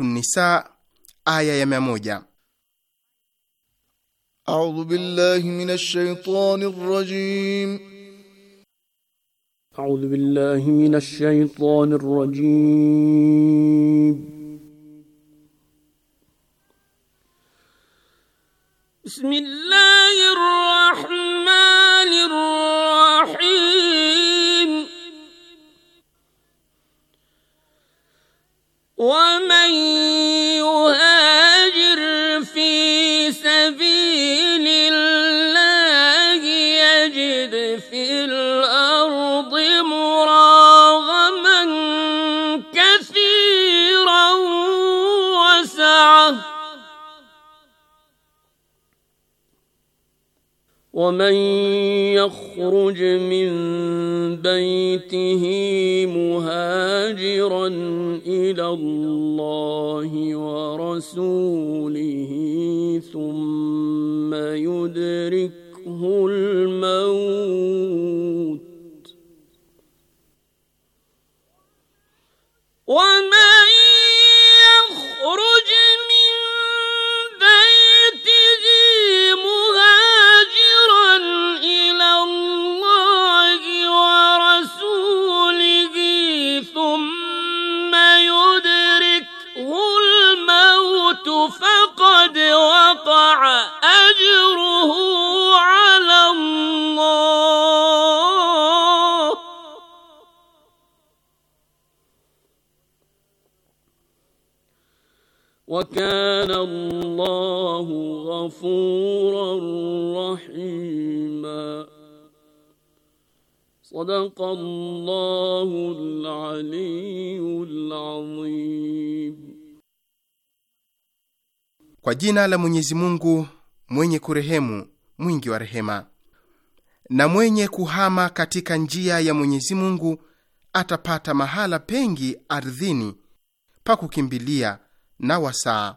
Suratu Nisa aya ya mia moja. A'udhu billahi minash shaitani rajim. A'udhu billahi minash shaitani rajim. Bismillah يخرج من بيته مهاجرا الى الله ورسوله ثم يدرك wallahu ghafuran rahima. Sadaqallahul aliyyul adhim. Kwa jina la Mwenyezi Mungu mwenye kurehemu mwingi wa rehema. Na mwenye kuhama katika njia ya Mwenyezi Mungu atapata mahala pengi ardhini pa kukimbilia na wasaa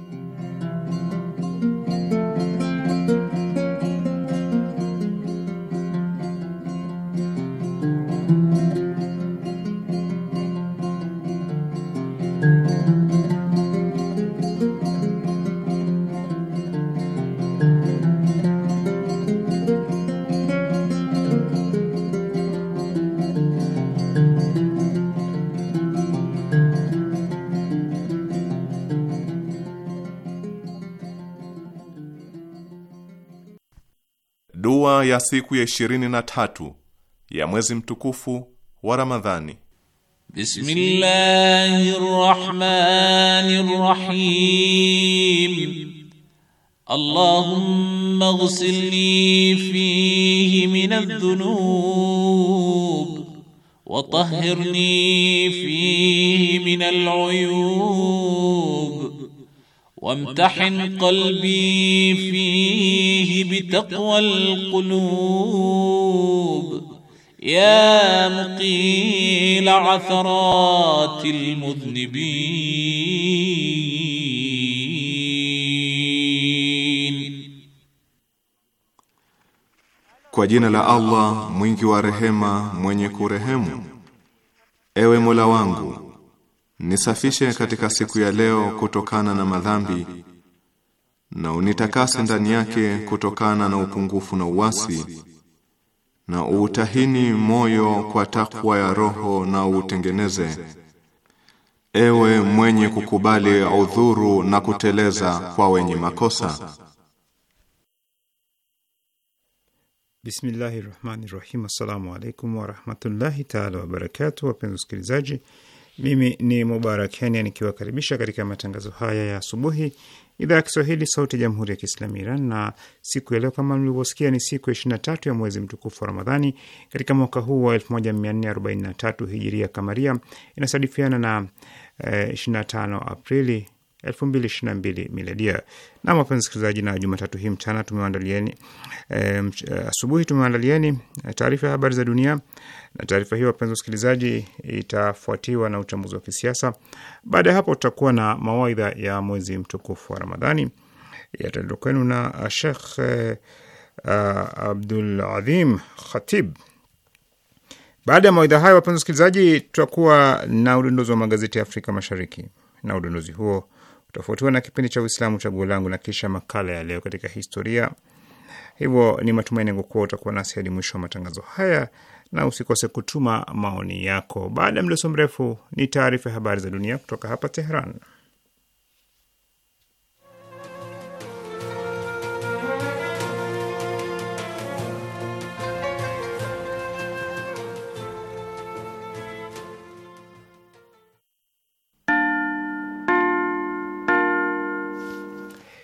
ya siku ya ishirini na tatu ya mwezi mtukufu wa Ramadhani. Bismillahir Rahmanir Rahim. Allahumma ighsilni fihi min adh-dhunub wa tahhirni fihi min al-uyub وامتحن قلبي فيه بتقوى القلوب يا مقيل عثرات المذنبين Kwa jina la Allah mwingi wa rehema mwenye kurehemu Ewe Mola wangu Nisafishe katika siku ya leo kutokana na madhambi na unitakase ndani yake kutokana na upungufu na uasi na uutahini moyo kwa takwa ya roho na uutengeneze ewe mwenye kukubali udhuru na kuteleza kwa wenye makosa. Bismillahirrahmanirrahim. Assalamu alaykum wa rahmatullahi ta'ala wa barakatuh. Wapenzi wasikilizaji mimi ni Mubarak Kenya nikiwakaribisha katika matangazo haya ya asubuhi, idhaa ya Kiswahili, sauti ya jamhuri ya kiislamu Iran. Na siku ya leo kama mlivyosikia, ni siku ya 23 ya mwezi mtukufu wa Ramadhani katika mwaka huu wa 1443 hijiria kamaria, inasadifiana na eh, 25 Aprili 2022 miladia. Na wapenzi wasikilizaji, na Jumatatu hii mchana tumewaandalieni eh, eh, asubuhi, tumewaandalieni eh, taarifa ya habari za dunia na taarifa hiyo, wapenzi wasikilizaji, itafuatiwa na uchambuzi wa kisiasa. Baada ya hapo, tutakuwa na mawaidha ya mwezi mtukufu wa Ramadhani yataletwa kwenu na uh, Shekh uh, uh, Abdul Adhim Khatib. Baada ya mawaidha hayo, wapenzi wasikilizaji, tutakuwa na udondozi wa magazeti ya Afrika Mashariki, na udondozi huo utafuatiwa na kipindi cha Uislamu Chaguo Langu na kisha makala ya Leo katika Historia. Hivyo ni matumaini yangu kuwa utakuwa nasi hadi mwisho wa matangazo haya na usikose kutuma maoni yako. Baada ya mdoso mrefu, ni taarifa ya habari za dunia kutoka hapa Teheran.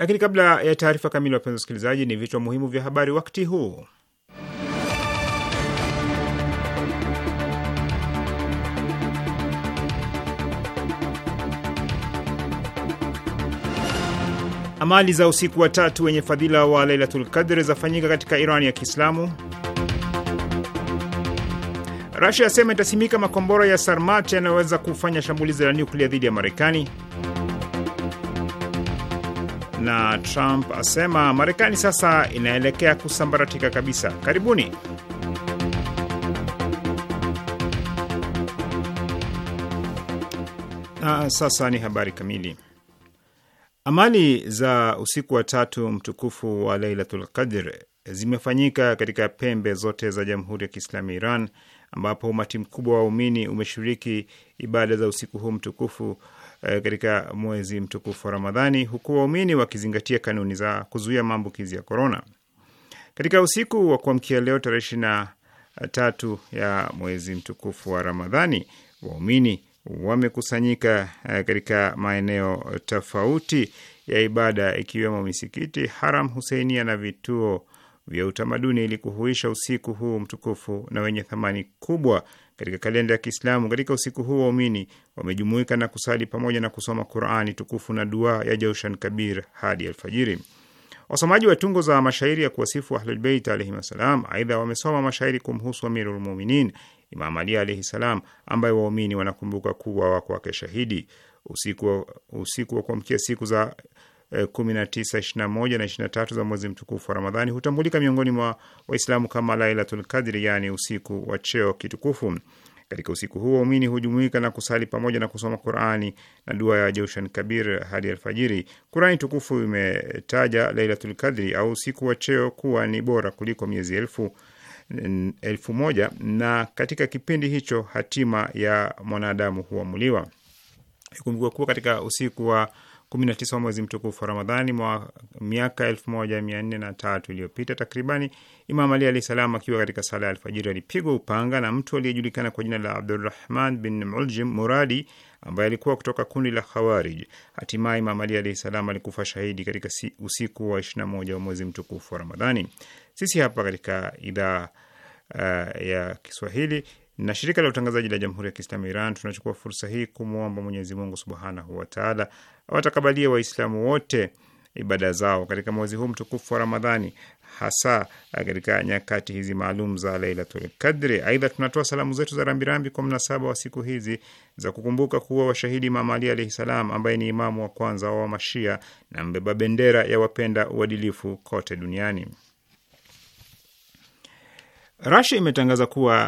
Lakini kabla ya taarifa kamili, wapenzi wasikilizaji, ni vichwa muhimu vya habari wakati huu. Amali za usiku wa tatu wenye fadhila wa Lailatul Qadr zafanyika katika Iran ya Kiislamu. Rasia yasema itasimika makombora ya Sarmat yanayoweza kufanya shambulizi la nyuklia dhidi ya Marekani na Trump asema Marekani sasa inaelekea kusambaratika kabisa. Karibuni. Na sasa ni habari kamili. Amali za usiku wa tatu mtukufu wa Lailatul Qadr zimefanyika katika pembe zote za Jamhuri ya Kiislamu ya Iran ambapo umati mkubwa wa waumini umeshiriki ibada za usiku huu mtukufu Eh, katika mwezi mtukufu wa Ramadhani, huku waumini wakizingatia kanuni za kuzuia maambukizi ya korona. Katika usiku wa kuamkia leo tarehe ishirini na tatu ya mwezi mtukufu wa Ramadhani, waumini wamekusanyika eh, katika maeneo tofauti ya ibada ikiwemo misikiti, haram huseinia na vituo vya utamaduni ili kuhuisha usiku huu mtukufu na wenye thamani kubwa katika kalenda ya Kiislamu. Katika usiku huu waumini wamejumuika na kusali pamoja na kusoma Qurani tukufu na dua ya Jaushan Kabir hadi alfajiri. Wasomaji wa tungo za mashairi ya kuwasifu Ahlulbeit alaihim wassalam. Aidha, wamesoma mashairi kumhusu Amirulmuminin Imam Ali alaihi salam, ambaye waumini wanakumbuka kuwa wako wake shahidi usiku, usiku wa kuamkia siku za 19, eh, 21 na 23 za mwezi mtukufu wa Ramadhani hutambulika miongoni mwa Waislamu kama Lailatul Qadri, yaani usiku wa cheo kitukufu. Katika usiku huo waumini hujumuika na kusali pamoja na kusoma Qurani na dua ya Jaushan Kabir hadi alfajiri. Qurani tukufu imetaja Lailatul Qadri au usiku wa cheo kuwa ni bora kuliko miezi elfu, elfu moja na katika kipindi hicho hatima ya mwanadamu huamuliwa. Ikumbukwe kuwa katika usiku wa 19 wa mwezi mtukufu wa Ramadhani mwa miaka 1403 iliyopita takribani, Imam Ali alahi salam akiwa katika sala ya alfajiri alipigwa upanga na mtu aliyejulikana kwa jina la Abdurrahman bin Muljim Muradi ambaye alikuwa kutoka kundi la Khawarij. Hatimaye Imam Ali alahi salam alikufa shahidi katika usiku wa 21 wa mwezi mtukufu wa Ramadhani. Sisi hapa katika idhaa uh, ya Kiswahili na shirika la utangazaji la Jamhuri ya Kiislamu Iran tunachukua fursa hii kumwomba Mwenyezi Mungu subhanahu wataala awatakabalia Waislamu wote ibada zao katika mwezi huu mtukufu wa Ramadhani, hasa eh, katika nyakati hizi maalum za Lailatul Qadri. Aidha, tunatoa salamu zetu za rambirambi kwa mnasaba wa siku hizi za kukumbuka kuwa washahidi Imam Ali alaihi salam, ambaye ni imamu wa kwanza wa Wamashia na mbeba bendera ya wapenda uadilifu kote duniani. Rasia imetangaza kuwa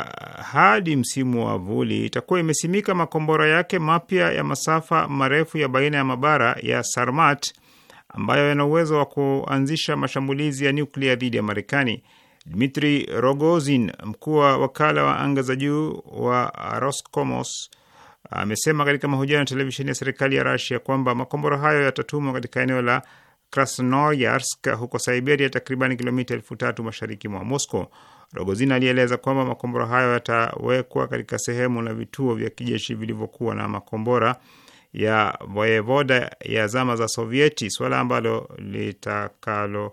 hadi msimu wa vuli itakuwa imesimika makombora yake mapya ya masafa marefu ya baina ya mabara ya Sarmat ambayo yana uwezo wa kuanzisha mashambulizi ya nyuklia dhidi ya Marekani. Dmitri Rogozin, mkuu wa wakala wa anga za juu wa Roscosmos, amesema katika mahojiano ya televisheni ya serikali ya Rasia kwamba makombora hayo yatatumwa katika eneo la Krasnoyarsk huko Siberia, takribani kilomita elfu tatu mashariki mwa Moscow. Rogozin alieleza kwamba makombora hayo yatawekwa katika sehemu na vituo vya kijeshi vilivyokuwa na makombora ya voyevoda ya zama za Sovieti, suala ambalo litakalo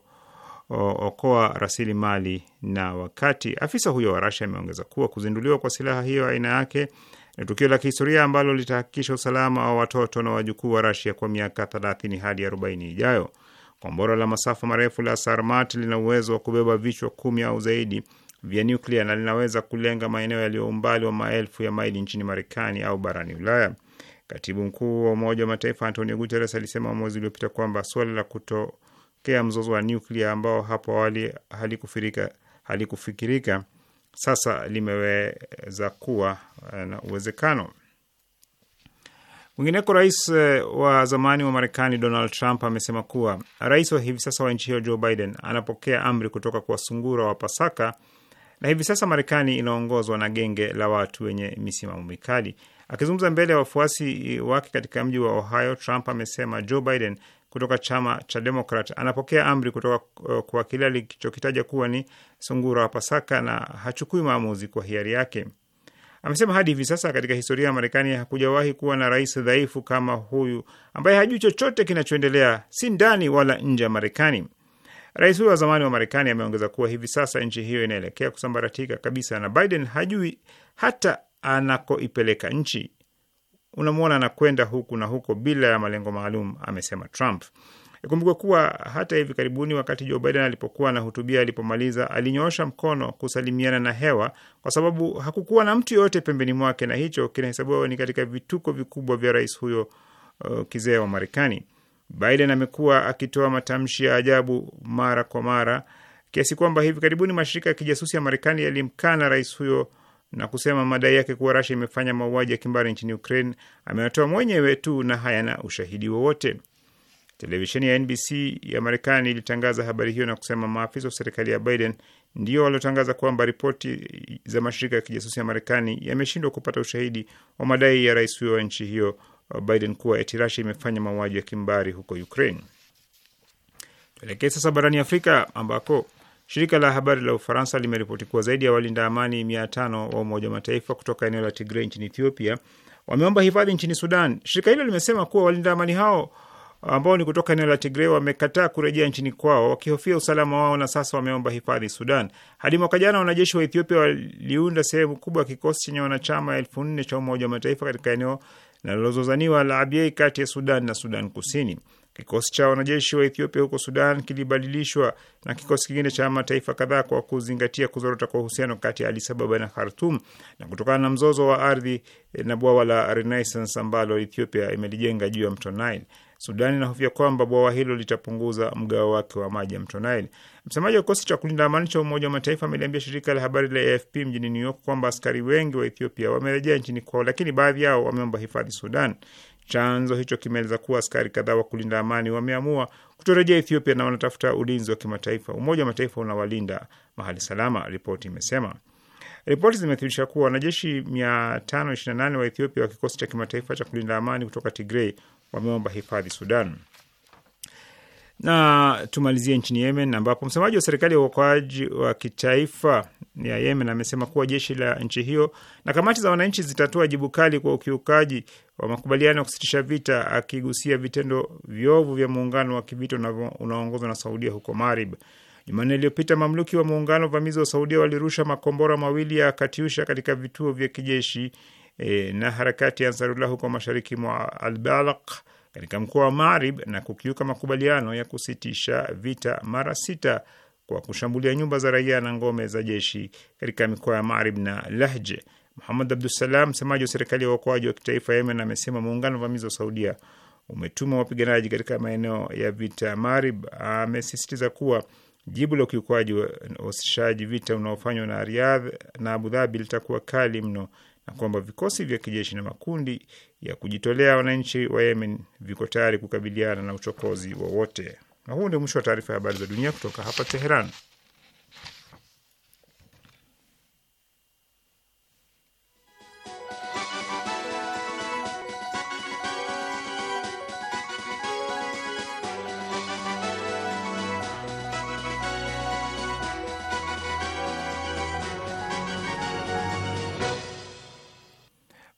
okoa rasilimali na wakati. Afisa huyo wa Rasia ameongeza kuwa kuzinduliwa kwa silaha hiyo aina yake ni tukio la kihistoria ambalo litahakikisha usalama wa watoto na wajukuu wa Rasia kwa miaka 30 hadi 40 ijayo. Kombora la masafa marefu la Sarmat lina uwezo wa kubeba vichwa kumi au zaidi vya nyuklia na linaweza kulenga maeneo yaliyo umbali wa maelfu ya maili nchini Marekani au barani Ulaya. Katibu mkuu wa Umoja wa Mataifa Antonio Guterres alisema mwezi uliopita kwamba suala la kutokea mzozo wa nyuklia ambao hapo awali halikufirika halikufikirika sasa limeweza kuwa eh, na uwezekano. Mwingineko, rais eh, wa zamani wa Marekani Donald Trump amesema kuwa rais wa hivi sasa wa nchi hiyo Joe Biden anapokea amri kutoka kwa sungura wa Pasaka na hivi sasa Marekani inaongozwa na genge la watu wenye misimamo mikali. Akizungumza mbele ya wafuasi wake katika mji wa Ohio, Trump amesema Joe Biden kutoka chama cha Demokrat anapokea amri kutoka uh, kwa kile alichokitaja kuwa ni sungura wa Pasaka na hachukui maamuzi kwa hiari yake. Amesema hadi hivi sasa katika historia ya Marekani hakujawahi kuwa na rais dhaifu kama huyu ambaye hajui chochote kinachoendelea si ndani wala nje ya Marekani. Rais huyo wa zamani wa Marekani ameongeza kuwa hivi sasa nchi hiyo inaelekea kusambaratika kabisa na Biden hajui hata anakoipeleka nchi. Unamwona anakwenda huku na huko bila ya malengo maalum, amesema Trump. Ikumbukwe kuwa hata hivi karibuni, wakati Joe Biden alipokuwa anahutubia, alipomaliza alinyoosha mkono kusalimiana na hewa, kwa sababu hakukuwa na mtu yoyote pembeni mwake, na hicho kinahesabiwa ni katika vituko vikubwa vya rais huyo uh, kizee wa Marekani. Biden amekuwa akitoa matamshi ya ajabu mara kwa mara kiasi kwamba hivi karibuni mashirika ya kijasusi ya Marekani yalimkana rais huyo na kusema madai yake kuwa Rasia imefanya mauaji ya kimbari nchini Ukraine ameyatoa mwenyewe tu na hayana ushahidi wowote. Televisheni ya NBC ya Marekani ilitangaza habari hiyo na kusema maafisa wa serikali ya Biden ndio waliotangaza kwamba ripoti za mashirika ya kijasusi ya Marekani yameshindwa kupata ushahidi wa madai ya rais huyo wa nchi hiyo Biden kuwa eti Rasia imefanya mauaji ya kimbari huko Ukraine. Tuelekee sasa barani Afrika ambako shirika la habari la Ufaransa limeripoti kuwa zaidi ya walinda amani mia tano wa Umoja wa Mataifa kutoka eneo la Tigrei nchini Ethiopia wameomba hifadhi nchini Sudan. Shirika hilo limesema kuwa walinda amani hao ambao ni kutoka eneo la Tigrei wamekataa kurejea nchini kwao wakihofia usalama wao na sasa wameomba hifadhi Sudan. Hadi mwaka jana wanajeshi wa Ethiopia waliunda sehemu kubwa ya kikosi chenye wanachama elfu nne cha Umoja wa Mataifa katika eneo linalozozaniwa la Abyei kati ya Sudan na Sudan Kusini. Kikosi cha wanajeshi wa Ethiopia huko Sudan kilibadilishwa na kikosi kingine cha mataifa kadhaa kwa kuzingatia kuzorota kwa uhusiano kati ya Addis Ababa na Khartoum na kutokana na mzozo wa ardhi eh, na bwawa la Renaissance ambalo Ethiopia imelijenga juu ya mto Nile. Sudan inahofia kwamba bwawa hilo litapunguza mgao wake wa maji ya mto Nile. Msemaji wa kikosi cha kulinda amani cha Umoja wa Mataifa ameliambia shirika la habari la AFP mjini New York kwamba askari wengi wa Ethiopia wamerejea nchini kwao, lakini baadhi yao wameomba hifadhi Sudan. Chanzo hicho kimeeleza kuwa askari kadhaa wa kulinda amani wameamua kutorejea Ethiopia na wanatafuta ulinzi wa kimataifa. Umoja wa Mataifa unawalinda mahali salama, ripoti imesema. Ripoti zimethibitisha kuwa wanajeshi 528 wa Ethiopia wa kikosi cha kimataifa cha kulinda amani kutoka Tigrei wameomba hifadhi Sudan. Na tumalizie nchini Yemen ambapo msemaji wa serikali ya uokoaji wa kitaifa ya Yemen amesema kuwa jeshi la nchi hiyo na kamati za wananchi zitatoa jibu kali kwa ukiukaji wa makubaliano ya kusitisha vita, akigusia vitendo vyovu vya muungano wa kivita unaoongozwa na Saudia huko Marib. Jumanne iliyopita mamluki wa muungano vamizi wa Saudia walirusha makombora mawili ya katiusha katika vituo vya kijeshi e, na harakati ya Ansarullah huko mashariki mwa Albalak katika mkoa wa Marib na kukiuka makubaliano ya kusitisha vita mara sita kwa kushambulia nyumba za raia na ngome za jeshi katika mikoa ya Marib na Lahje. Muhamad Abdusalam, msemaji wa serikali ya uokoaji wa kitaifa Yemen, amesema muungano wa vamizi wa Saudia umetuma wapiganaji katika maeneo ya vita Marib. Amesisitiza kuwa jibu la ukiukaji wa usitishaji vita unaofanywa na Riyadh na Abu Dhabi litakuwa kali mno na kwamba vikosi vya kijeshi na makundi ya kujitolea wananchi wa Yemen viko tayari kukabiliana na uchokozi wowote. Na huu ndio mwisho wa taarifa ya habari za dunia kutoka hapa Teheran.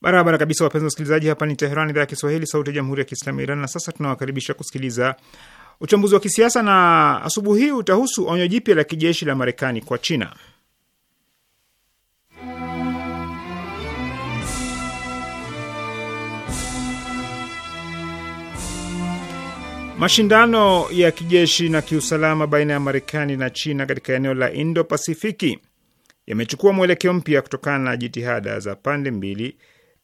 Barabara kabisa, wapenzi wasikilizaji, hapa ni Teheran, idhaa ya Kiswahili, sauti ya jamhuri ya kiislamu ya Iran. Na sasa tunawakaribisha kusikiliza uchambuzi wa kisiasa, na asubuhi hii utahusu onyo jipya la kijeshi la Marekani kwa China. Mashindano ya kijeshi na kiusalama baina ya Marekani na China katika eneo la Indo Pasifiki yamechukua mwelekeo mpya kutokana na jitihada za pande mbili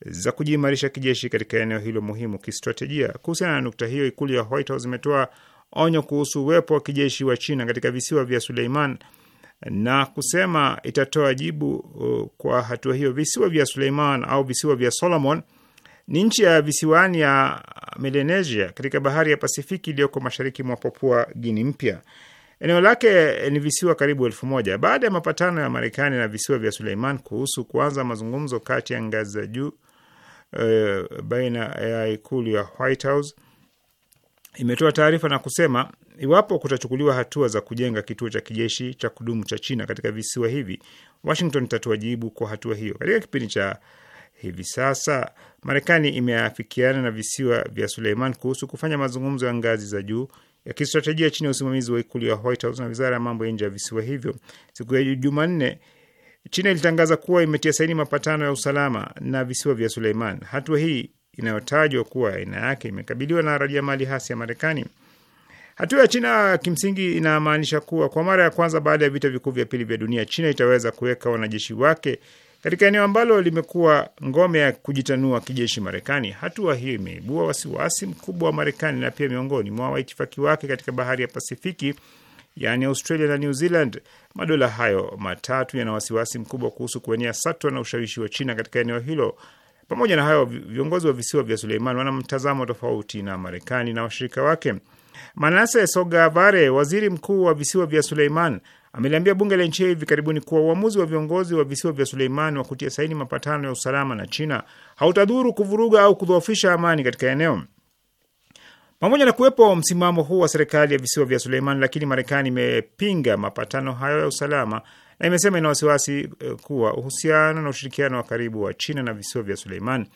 za kujiimarisha kijeshi katika eneo hilo muhimu kistratejia. Kuhusiana na nukta hiyo, ikulu ya White House imetoa onyo kuhusu uwepo wa kijeshi wa China katika visiwa vya Suleiman na kusema itatoa jibu uh, kwa hatua hiyo. Visiwa vya Suleiman au visiwa vya Solomon ni nchi ya visiwani ya Melanesia katika bahari ya Pasifiki iliyoko mashariki mwa Papua Guini Mpya. Eneo lake ni visiwa karibu elfu moja. Baada ya mapatano ya Marekani na visiwa vya Suleiman kuhusu kuanza mazungumzo kati ya ngazi za juu Eh, baina ya ikulu ya White House imetoa taarifa na kusema iwapo kutachukuliwa hatua za kujenga kituo cha kijeshi cha kudumu cha China katika visiwa hivi, Washington itatuwajibu kwa hatua hiyo. Katika kipindi cha hivi sasa, Marekani imeafikiana na visiwa vya Suleiman kuhusu kufanya mazungumzo ya ngazi za juu ya kistratejia chini ya usimamizi wa ikulu ya White House na wizara ya mambo ya nje ya visiwa hivyo. Siku ya Jumanne China ilitangaza kuwa imetia saini mapatano ya usalama na visiwa vya Suleiman. Hatua hii inayotajwa kuwa aina yake imekabiliwa na mali hasi ya Marekani. Hatua ya China kimsingi inamaanisha kuwa kwa mara ya kwanza baada ya vita vikuu vya pili vya dunia, China itaweza kuweka wanajeshi wake katika eneo ambalo limekuwa ngome ya kujitanua kijeshi Marekani. Hatua hiyo imeibua wasiwasi mkubwa wa Marekani na pia miongoni mwa waitifaki wake katika bahari ya Pasifiki yaani Australia na New Zealand. Madola hayo matatu yana wasiwasi mkubwa kuhusu kuenea satwa na ushawishi wa China katika eneo hilo. Pamoja na hayo, viongozi wa visiwa vya Suleiman wana mtazamo tofauti na Marekani na washirika wake. Manase Sogavare, waziri mkuu wa visiwa vya Suleiman, ameliambia bunge la nchi hiyo hivi karibuni kuwa uamuzi wa viongozi wa visiwa vya Suleiman wa kutia saini mapatano ya usalama na China hautadhuru kuvuruga au kudhoofisha amani katika eneo. Pamoja na kuwepo msimamo huu wa serikali ya visiwa vya Suleiman, lakini Marekani imepinga mapatano hayo ya usalama na imesema ina wasiwasi eh, kuwa uhusiano na ushirikiano wa karibu wa China na visiwa vya Suleiman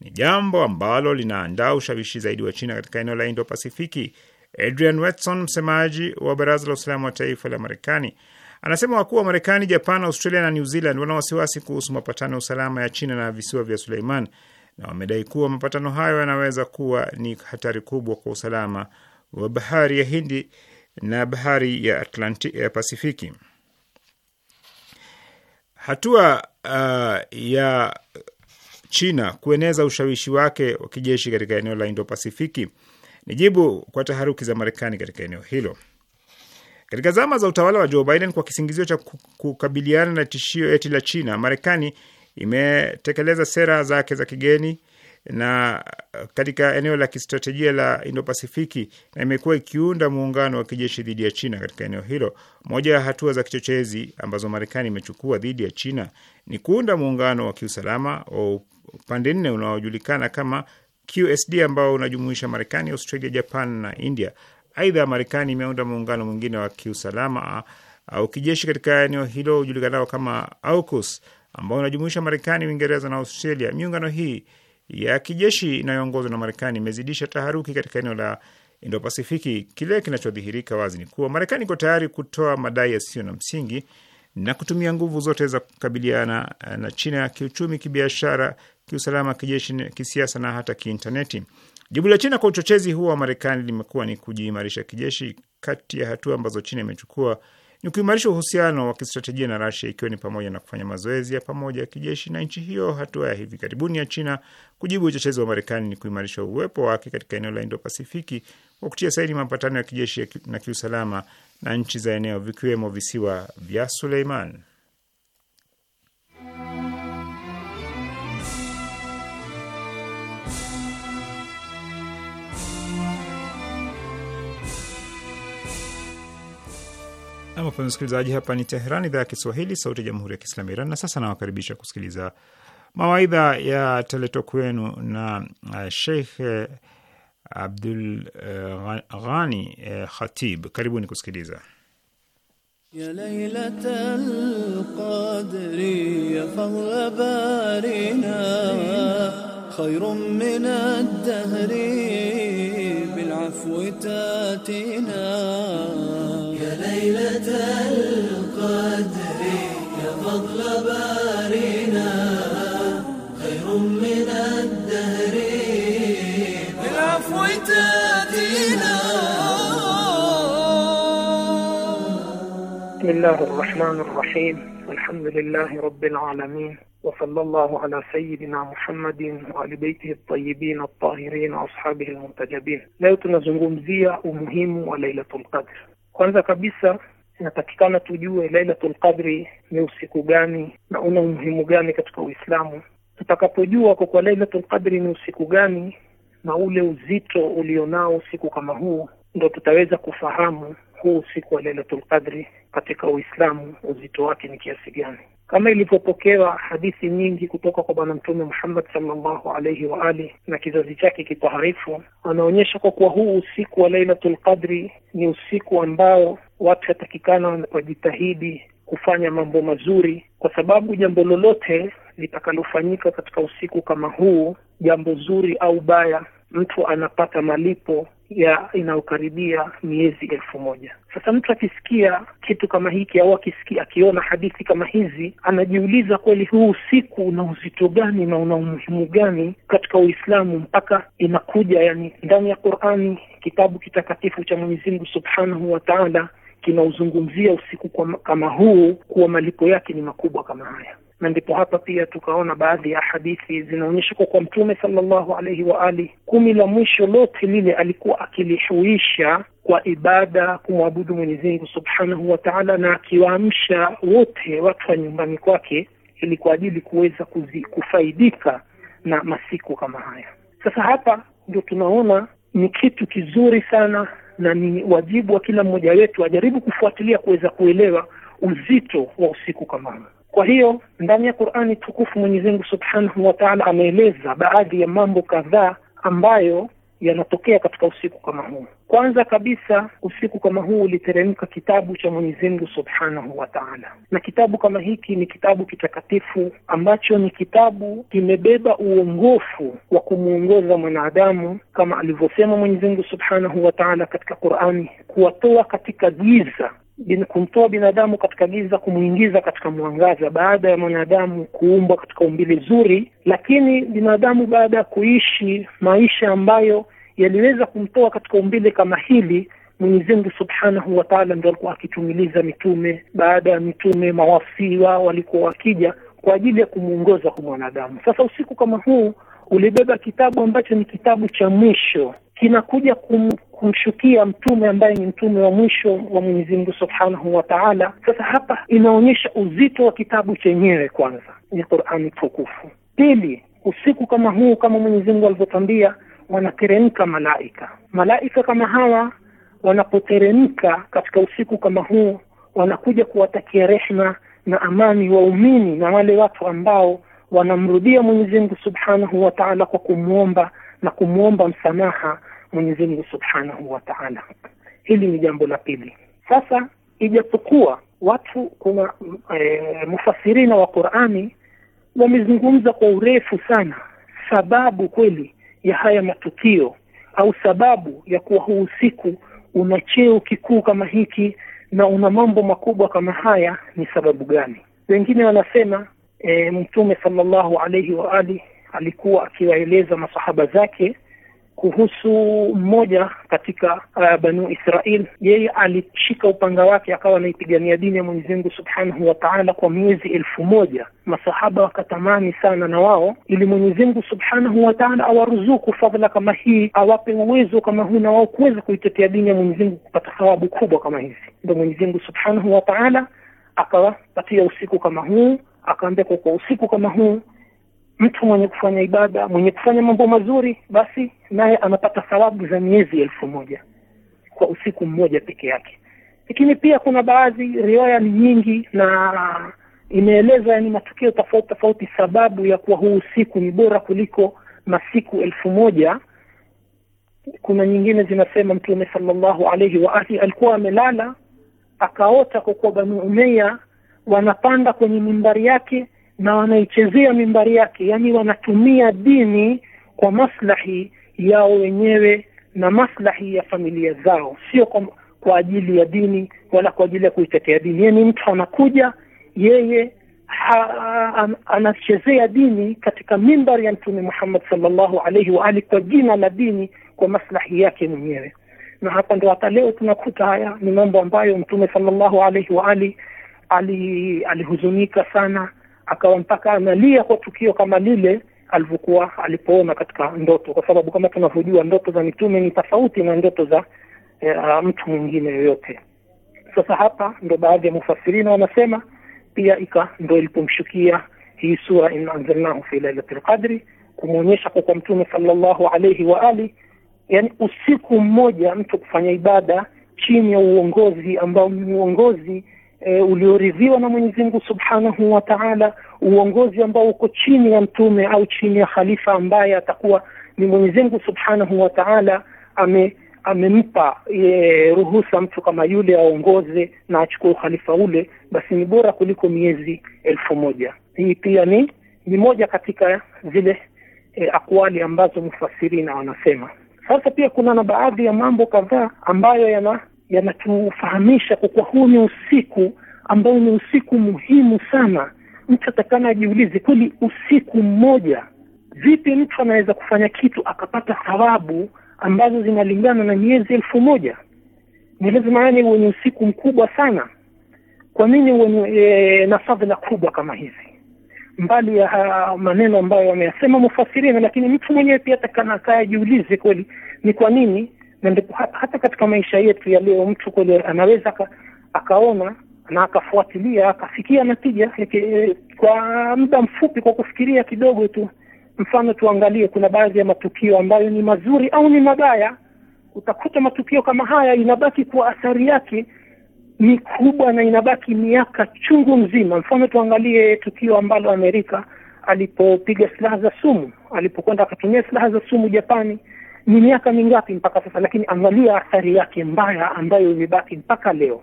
ni jambo ambalo linaandaa ushawishi zaidi wa China katika eneo la Indo Pasifiki. Adrian Watson, msemaji wa baraza la usalama wa taifa la Marekani, anasema wakuu wa Marekani, Japan, Australia na New Zealand wana wasiwasi kuhusu mapatano ya usalama ya China na visiwa vya Suleiman na wamedai kuwa mapatano hayo yanaweza kuwa ni hatari kubwa kwa usalama wa bahari ya Hindi na bahari ya Atlanti, ya eh, Pasifiki. Hatua uh, ya China kueneza ushawishi wake wa kijeshi katika eneo la Indo Pasifiki ni jibu kwa taharuki za Marekani katika eneo hilo. Katika zama za utawala wa Joe Biden, kwa kisingizio cha kukabiliana na tishio eti la China, Marekani imetekeleza sera zake za kigeni na uh, katika eneo la kistratejia la Indo-Pasifiki na imekuwa ikiunda muungano wa kijeshi dhidi ya China katika eneo hilo. Moja ya hatua za kichochezi ambazo Marekani imechukua dhidi ya China ni kuunda muungano wa kiusalama wa pande nne unaojulikana kama QSD ambao unajumuisha Marekani, Australia, Japan na India. Aidha, Marekani imeunda muungano mwingine wa kiusalama au kijeshi katika eneo hilo ujulikanao kama AUKUS ambao unajumuisha Marekani, Uingereza na Australia. Miungano hii ya kijeshi inayoongozwa na Marekani imezidisha taharuki katika eneo la Indo-Pasifiki. Kile kinachodhihirika wazi ni kuwa Marekani iko tayari kutoa madai yasiyo na msingi na kutumia nguvu zote za kukabiliana na China kiuchumi, kibiashara, kiusalama, kijeshi, kisiasa na hata kiintaneti. Jibu la China kwa uchochezi huo wa Marekani limekuwa ni kujiimarisha kijeshi. Kati ya hatua ambazo China imechukua ni kuimarisha uhusiano wa kistratejia na Rasia, ikiwa ni pamoja na kufanya mazoezi ya pamoja ya kijeshi na nchi hiyo. Hatua ya hivi karibuni ya China kujibu uchochezi wa Marekani ni kuimarisha uwepo wake katika eneo la Indo Pasifiki kwa kutia saini mapatano ya kijeshi na kiusalama na nchi za eneo, vikiwemo visiwa vya Suleiman. Na wapenzi msikilizaji, hapa ni Teheran, idhaa ya Kiswahili, sauti ya jamhuri ya kiislamu Iran. Na sasa nawakaribisha kusikiliza mawaidha ya teleto kwenu na eh, Sheikh eh, Abdul eh, Ghani Khatib. Karibuni kusikiliza ya Lailatal Qadri ya fadhla barina khairun min ad-dahri bil afwi tatina الله الرحمن الرحيم الحمد لله رب العالمين وصلى الله على سيدنا Muhammadin wa ali الطيبين الطاهرين واصحابه المنتجبين لا wa ashabihi al-muntajabin. Leo tunazungumzia umuhimu wa Lailatul Qadr. Kwanza kabisa inatakikana tujue Lailatul Qadri ni usiku gani na una umuhimu gani katika Uislamu. Tutakapojua kwa kuwa Lailatul Qadri ni usiku gani na ule uzito ulionao usiku kama huu, ndo tutaweza kufahamu mkuu siku wa Lailatul Qadri katika Uislamu uzito wake ni kiasi gani, kama ilivyopokewa hadithi nyingi kutoka kwa Bwana Mtume Muhammad sallallahu alaihi wa ali na kizazi chake kitaharifu, anaonyesha kwa kuwa huu usiku wa Lailatul Qadri ni usiku ambao watu watakikana wajitahidi kufanya mambo mazuri, kwa sababu jambo lolote litakalofanyika katika usiku kama huu, jambo zuri au baya, mtu anapata malipo ya inayokaribia miezi elfu moja. Sasa mtu akisikia kitu kama hiki au akisikia akiona hadithi kama hizi, anajiuliza kweli, huu usiku una uzito gani na una umuhimu gani katika Uislamu mpaka inakuja yani ndani ya Qurani, kitabu kitakatifu cha Mwenyezi Mungu subhanahu wa taala kinauzungumzia usiku kama huu kuwa malipo yake ni makubwa kama haya na ndipo hapa pia tukaona baadhi ya hadithi zinaonyesha kwa mtume sallallahu alaihi wa ali kumi la mwisho lote lile alikuwa akilihuisha kwa ibada kumwabudu Mwenyezi Mungu subhanahu wa taala, na akiwaamsha wote watu wa nyumbani kwake ili kwa ajili kuweza kufaidika na masiku kama haya. Sasa hapa ndio tunaona ni kitu kizuri sana na ni wajibu wa kila mmoja wetu ajaribu kufuatilia kuweza kuelewa uzito wa usiku kama huu. Kwa hiyo ndani ya Qur'ani tukufu Mwenyezi Mungu Subhanahu wa Ta'ala ameeleza baadhi ya mambo kadhaa ambayo yanatokea katika usiku kama huu. Kwanza kabisa usiku kama huu uliteremka kitabu cha Mwenyezi Mungu Subhanahu wa Ta'ala, na kitabu kama hiki ni kitabu kitakatifu ambacho ni kitabu kimebeba uongofu wa kumwongoza mwanadamu kama alivyosema Mwenyezi Mungu Subhanahu wa Ta'ala katika Qur'ani, kuwatoa katika giza bin, kumtoa binadamu katika giza kumwingiza katika mwangaza, baada ya mwanadamu kuumbwa katika umbile zuri, lakini binadamu baada ya kuishi maisha ambayo yaliweza kumtoa katika umbile kama hili Mwenyezi Mungu Subhanahu wa Ta'ala ndio alikuwa akitumiliza mitume baada ya mitume, mawasiwa walikuwa wakija kwa ajili ya kumuongoza kwa mwanadamu. Sasa usiku kama huu ulibeba kitabu ambacho ni kitabu cha mwisho, kinakuja kum, kumshukia mtume ambaye ni mtume wa mwisho wa Mwenyezi Mungu Subhanahu wa Ta'ala. Sasa hapa inaonyesha uzito wa kitabu chenyewe, kwanza ni Qur'ani tukufu. Pili, usiku kama huu kama Mwenyezi Mungu alivyotambia wanateremka malaika. Malaika kama hawa wanapoteremka katika usiku kama huu, wanakuja kuwatakia rehma na amani waumini na wale watu ambao wanamrudia Mwenyezi Mungu Subhanahu wa Ta'ala kwa kumwomba na kumwomba msamaha Mwenyezi Mungu Subhanahu wa Ta'ala. Hili ni jambo la pili. Sasa ijapokuwa watu kuna e, eh, mufasirina wa Qur'ani wamezungumza kwa urefu sana sababu kweli ya haya matukio au sababu ya kuwa huu usiku una cheo kikuu kama hiki na una mambo makubwa kama haya ni sababu gani? Wengine wanasema e, Mtume sallallahu alaihi wa alikuwa akiwaeleza masahaba zake kuhusu mmoja katika uh, Banu Israel, yeye alishika upanga wake akawa anaipigania dini ya Mwenyezi Mungu Subhanahu wa Ta'ala kwa miezi elfu moja. Masahaba wakatamani sana na wao, ili Mwenyezi Mungu Subhanahu wa Ta'ala awaruzuku fadhila kama hii, awape uwezo kama huu na wao kuweza kuitetea dini ya Mwenyezi Mungu kupata thawabu kubwa kama hizi. ndo Mwenyezi Mungu Subhanahu wa Ta'ala akawapatia usiku kama huu, akaambia kwa usiku kama huu mtu mwenye kufanya ibada mwenye kufanya mambo mazuri basi naye anapata thawabu za miezi elfu moja kwa usiku mmoja peke yake lakini pia kuna baadhi riwaya ni nyingi na imeeleza yani matukio tofauti tofauti sababu ya kuwa huu usiku ni bora kuliko masiku elfu moja kuna nyingine zinasema mtume salllahu alaihi waalihi alikuwa amelala akaota kwa kuwa banu umeya wanapanda kwenye mimbari yake na wanaichezea mimbari yake, yaani wanatumia dini kwa maslahi yao wenyewe na maslahi ya familia zao, sio kwa, kwa ajili ya dini wala kwa ajili ya kuitetea dini. Yaani mtu anakuja yeye anachezea dini katika mimbari ya Mtume Muhammad sallallahu alaihi wa kwa jina la dini kwa maslahi yake mwenyewe, na hapa ndo hata leo tunakuta haya ni mambo ambayo Mtume sallallahu alaihi wa alihuzunika ali sana akawa mpaka analia kwa tukio kama lile alivyokuwa alipoona katika ndoto, kwa sababu kama tunavyojua ndoto za mitume ni tofauti na ndoto za uh, mtu mwingine yoyote. Sasa hapa ndo baadhi ya mufasirina wanasema pia ika ndo ilipomshukia hii sura in anzalnahu fi lailati lqadri, kumwonyesha kwa kwa mtume sallallahu alaihi wa ali, yani usiku mmoja mtu kufanya ibada chini ya uongozi ambao ni uongozi e, ulioridhiwa na Mwenyezi Mungu Subhanahu wa Ta'ala, uongozi ambao uko chini ya mtume au chini ya khalifa ambaye atakuwa ni Mwenyezi Mungu Subhanahu wa Ta'ala ame amempa e, ruhusa mtu kama yule aongoze na achukue ukhalifa ule, basi ni bora kuliko miezi elfu moja. Hii pia ni ni moja katika zile e, akwali ambazo mufasirina wanasema. Sasa pia kuna na baadhi ya mambo kadhaa ambayo yana yanatufahamisha kwa kuwa huu ni usiku ambao ni usiku muhimu sana. Mtu atakana ajiulize, kweli usiku mmoja, vipi mtu anaweza kufanya kitu akapata thawabu ambazo zinalingana na miezi elfu moja? Ni lazima yani wenye usiku mkubwa sana. Kwa nini wenye e, na fadhila kubwa kama hizi mbali ya maneno ambayo wameyasema mufasirina, lakini mtu mwenyewe pia atakana akayajiulize, kweli ni kwa nini na ndipo hata katika maisha yetu ya leo mtu kule anaweza akaona na akafuatilia akafikia natija e, kwa muda mfupi kwa kufikiria kidogo tu. Mfano, tuangalie kuna baadhi ya matukio ambayo ni mazuri au ni mabaya. Utakuta matukio kama haya inabaki kwa athari yake ni kubwa na inabaki miaka chungu mzima. Mfano, tuangalie tukio ambalo Amerika alipopiga silaha za sumu, alipokwenda akatumia silaha za sumu Japani ni miaka mingapi mpaka sasa, lakini angalia athari yake mbaya ambayo imebaki mpaka leo.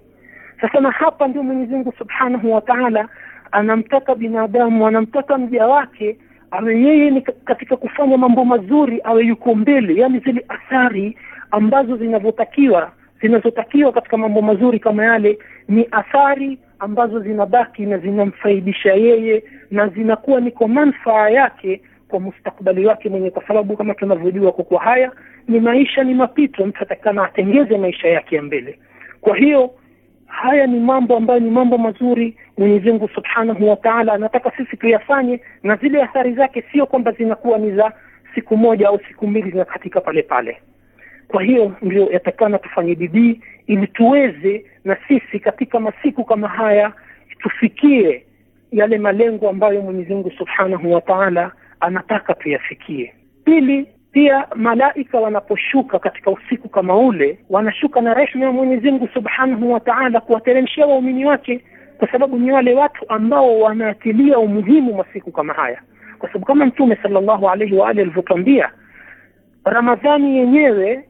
Sasa na hapa ndio Mwenyezi Mungu Subhanahu wa Ta'ala anamtaka binadamu, anamtaka mja wake awe yeye ni katika kufanya mambo mazuri, awe yuko mbele, yani zile athari ambazo zinavyotakiwa zinazotakiwa katika mambo mazuri kama yale ni athari ambazo zinabaki na zinamfaidisha yeye na zinakuwa ni kwa manufaa yake kwa mustakbali wake mwenyewe, kwa sababu kama tunavyojua, kwa kuwa haya ni maisha, ni mapito, mtu atakana atengeze maisha yake ya mbele. Kwa hiyo haya ni mambo ambayo ni mambo mazuri. Mwenyezi Mungu Subhanahu wa Ta'ala anataka sisi tuyafanye, na zile athari zake sio kwamba zinakuwa ni za siku moja au siku mbili, zinakatika pale pale. Kwa hiyo ndio yatakana tufanye bidii ili tuweze na sisi katika masiku kama haya tufikie yale malengo ambayo Mwenyezi Mungu Subhanahu wa Ta'ala anataka tuyafikie. Pili, pia malaika wanaposhuka katika usiku kama ule, wanashuka na rehma ya Mwenyezi Mungu Subhanahu wa Ta'ala kuwateremshia waumini wake, kwa sababu ni wale watu ambao wanaatilia umuhimu masiku kama haya, kwa sababu kama Mtume sallallahu alaihi wa alihi alivyotwambia, Ramadhani yenyewe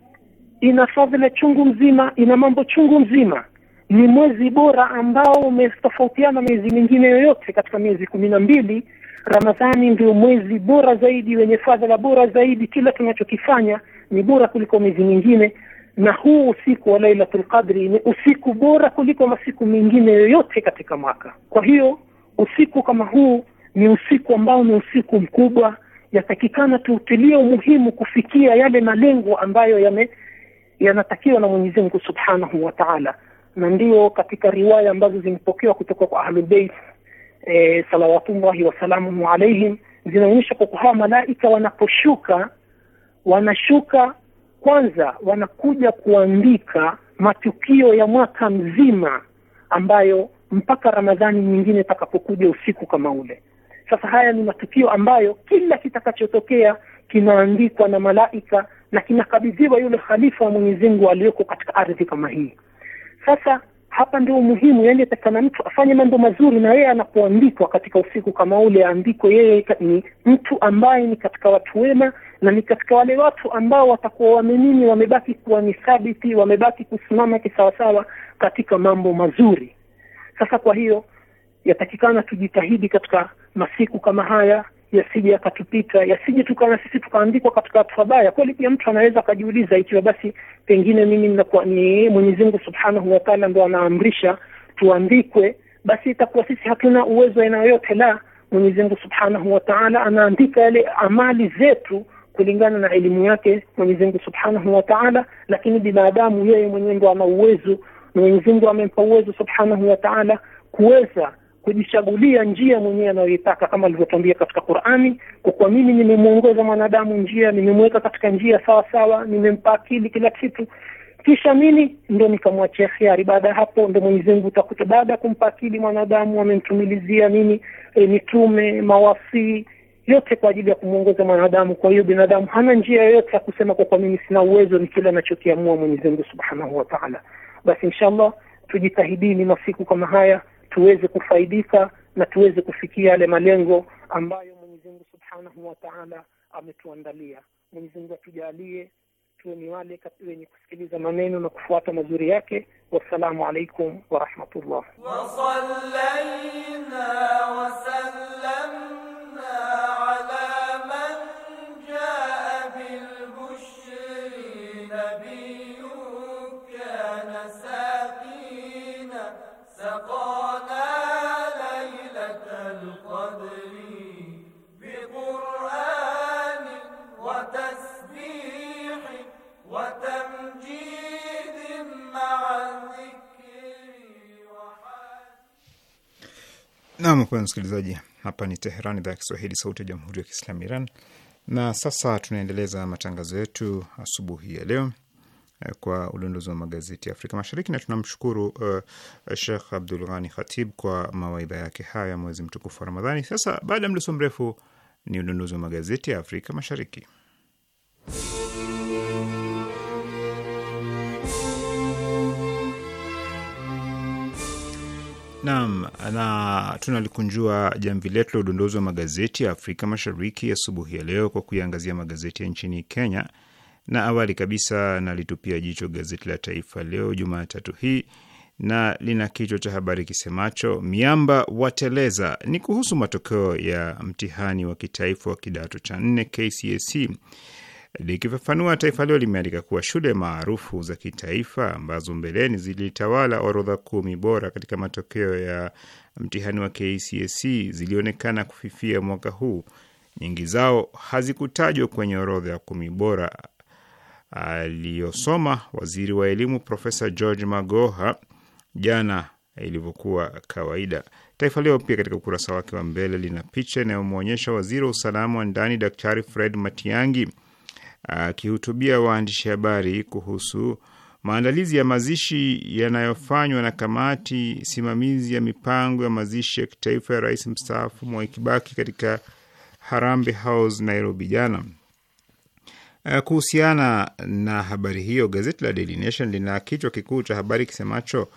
ina fadhila chungu mzima, ina mambo chungu mzima. Ni mwezi bora ambao umetofautiana miezi mingine yoyote katika miezi kumi na mbili Ramadhani ndio mwezi bora zaidi wenye fadhila bora zaidi. Kila tunachokifanya ni bora kuliko miezi mingine, na huu usiku wa Lailatul Qadri ni usiku bora kuliko masiku mengine yoyote katika mwaka. Kwa hiyo usiku kama huu ni usiku ambao ni usiku mkubwa, yatakikana tuutilie umuhimu kufikia yale malengo ambayo yame yanatakiwa na Mwenyezi Mungu Subhanahu wa Ta'ala, na ndio katika riwaya ambazo zimepokewa kutoka kwa Ahlul Bait e, salawatullahi wasalamuhu alaihim zinaonyesha kwa kuwa hawa malaika wanaposhuka wanashuka kwanza wanakuja kuandika matukio ya mwaka mzima ambayo mpaka ramadhani nyingine itakapokuja usiku kama ule sasa haya ni matukio ambayo kila kitakachotokea kinaandikwa na malaika na kinakabidhiwa yule khalifa wa mwenyezi mungu aliyoko katika ardhi kama hii sasa hapa ndio umuhimu, yani atakana mtu afanye mambo mazuri, na yeye anapoandikwa katika usiku kama ule, aandikwe yeye ni mtu ambaye ni katika watu wema na ni katika wale watu ambao watakuwa wamenini, wamebaki kuwa ni thabiti, wamebaki kusimama kisawasawa katika mambo mazuri. Sasa kwa hiyo yatakikana tujitahidi katika masiku kama haya yasije yakatupita, yasije tukawa sisi tukaandikwa katika hatua baya. Kweli pia mtu anaweza akajiuliza, ikiwa basi pengine mimi nakuwa ni Mwenyezi Mungu Subhanahu wa Ta'ala ndo anaamrisha tuandikwe, basi itakuwa sisi hatuna uwezo aina yoyote. La, Mwenyezi Mungu Subhanahu wa Ta'ala anaandika yale amali zetu kulingana na elimu yake Mwenyezi Mungu Subhanahu wa Ta'ala, lakini binadamu yeye mwenyewe ndo ana uwezo, Mwenyezi Mungu amempa uwezo Subhanahu wa Ta'ala kuweza kujichagulia njia mwenyewe anayoitaka kama alivyotwambia katika Qur'ani, kwa kuwa mimi nimemwongoza mwanadamu njia, nimemweka katika njia sawa sawa, nimempa akili kila kitu kisha mimi ndo nikamwachia khiari. Baada ya hapo ndo Mwenyezi Mungu utakuta baada ya kumpa akili mwanadamu amemtumilizia nini e, mitume mawasii yote kwa ajili ya kumwongoza mwanadamu. Kwa hiyo binadamu hana njia yoyote ya kusema kwa kwa mimi sina uwezo, ni kile anachokiamua Mwenyezi Mungu Subhanahu wa Ta'ala. Basi inshallah tujitahidini masiku kama haya tuweze kufaidika na tuweze kufikia yale malengo ambayo Mwenyezi Mungu Subhanahu wa Ta'ala ametuandalia. Mwenyezi Mungu atujalie tuwe ni wale wenye kusikiliza maneno na kufuata mazuri yake. Wassalamu alaikum wa rahmatullah. Nam kwa msikilizaji, hapa ni Teheran, idhaa ya Kiswahili, sauti ya jamhuri ya kiislamu Iran. Na sasa tunaendeleza matangazo yetu asubuhi ya leo Eh, kwa udondozi wa magazeti ya Afrika Mashariki, na tunamshukuru uh, eh, Shekh Abdul Ghani Khatib kwa mawaidha yake haya ya mwezi mtukufu wa Ramadhani. Sasa baada ya mdoso mrefu ni udondozi wa magazeti ya Afrika Mashariki. Naam, na tunalikunjua jamvi letu la udondozi wa magazeti ya Afrika Mashariki asubuhi ya, ya leo kwa kuiangazia magazeti ya nchini Kenya na awali kabisa nalitupia jicho gazeti la Taifa Leo Jumatatu hii na lina kichwa cha habari kisemacho miamba wateleza. Ni kuhusu matokeo ya mtihani wa kitaifa wa kidato cha nne KCSE. Likifafanua, Taifa Leo limeandika kuwa shule maarufu za kitaifa ambazo mbeleni zilitawala orodha kumi bora katika matokeo ya mtihani wa KCSE zilionekana kufifia mwaka huu. Nyingi zao hazikutajwa kwenye orodha ya kumi bora aliyosoma waziri wa elimu Profesa George Magoha jana ilivyokuwa kawaida. Taifa Leo pia katika ukurasa wake wa mbele lina picha inayomwonyesha waziri wa usalama wa ndani Daktari Fred Matiangi akihutubia waandishi habari kuhusu maandalizi ya mazishi yanayofanywa na kamati simamizi ya mipango ya mazishi ya kitaifa ya rais mstaafu Mwai Kibaki katika Harambee House, Nairobi jana. Eh, kuhusiana na habari hiyo, gazeti la Daily Nation lina kichwa kikuu cha habari kisemacho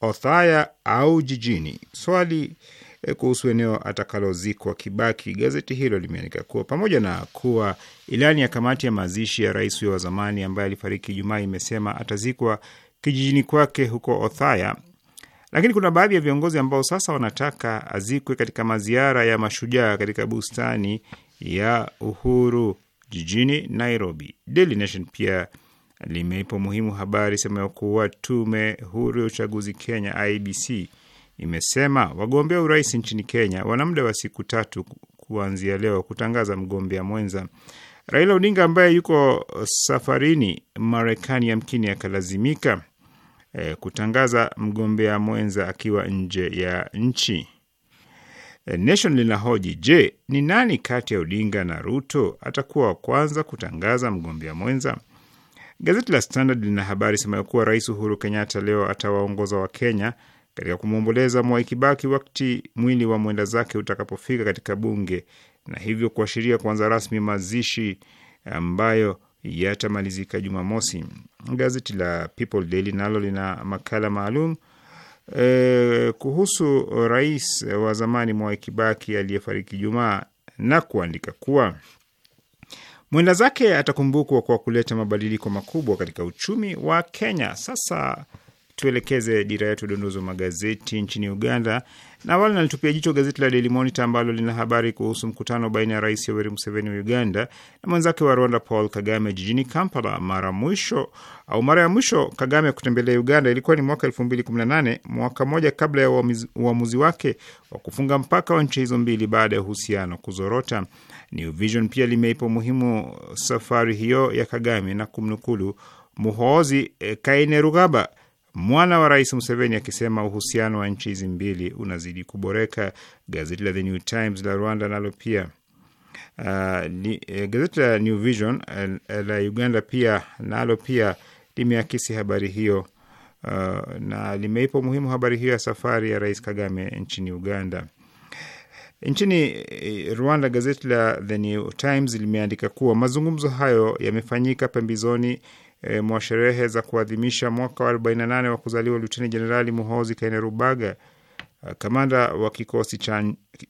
Othaya au jijini, swali eh, kuhusu eneo atakalozikwa Kibaki. Gazeti hilo limeandika kuwa pamoja na kuwa ilani ya kamati ya mazishi ya rais huyo wa zamani ambaye alifariki Ijumaa imesema atazikwa kijijini kwake huko Othaya, lakini kuna baadhi ya viongozi ambao sasa wanataka azikwe katika maziara ya mashujaa katika bustani ya Uhuru jijini Nairobi. Daily Nation pia limeipa umuhimu habari semayo kuwa tume huru ya uchaguzi Kenya IBC imesema wagombea urais nchini Kenya wana muda wa siku tatu kuanzia leo kutangaza mgombea mwenza. Raila Odinga ambaye yuko safarini Marekani yamkini akalazimika eh, kutangaza mgombea mwenza akiwa nje ya nchi. Eh, nation linahoji, je, ni nani kati ya Odinga na Ruto atakuwa wa kwanza kutangaza mgombea mwenza? Gazeti la Standard lina habari semayo kuwa Rais Uhuru Kenyatta leo atawaongoza Wakenya katika kumwomboleza Mwai Kibaki wakati mwili wa mwenda zake utakapofika katika bunge na hivyo kuashiria kuanza rasmi mazishi ambayo yatamalizika Jumamosi. Gazeti la People Daily nalo lina makala maalum e, kuhusu rais wa zamani Mwai Kibaki aliyefariki Jumaa na kuandika kuwa mwenda zake atakumbukwa kwa kuleta mabadiliko makubwa katika uchumi wa Kenya. Sasa tuelekeze dira yetu dondozo magazeti nchini Uganda na awali nalitupia jicho gazeti la Daily Monitor ambalo lina habari kuhusu mkutano baina ya Rais Yoweri Museveni wa Uganda na mwenzake wa Rwanda Paul Kagame jijini Kampala. Mara mwisho au mara ya mwisho Kagame kutembelea Uganda ilikuwa ni mwaka 2018, mwaka mmoja kabla ya uamuzi wake wa kufunga mpaka wa nchi hizo mbili baada ya uhusiano kuzorota. New Vision pia limeipa umuhimu safari hiyo ya Kagame na kumnukulu Muhoozi eh, Kainerugaba mwana wa rais Museveni akisema uhusiano wa nchi hizi mbili unazidi kuboreka. Gazeti la The New Times la Rwanda nalo pia uh, ni, eh, gazeti la New Vision eh, la Uganda pia nalo pia limeakisi habari hiyo uh, na limeipa umuhimu habari hiyo ya safari ya rais Kagame nchini Uganda. Nchini eh, Rwanda, gazeti la The New Times limeandika kuwa mazungumzo hayo yamefanyika pembezoni e, mwa sherehe za kuadhimisha mwaka wa 48 wa kuzaliwa Luteni Jenerali Muhozi Kainerubaga, kamanda wa kikosi cha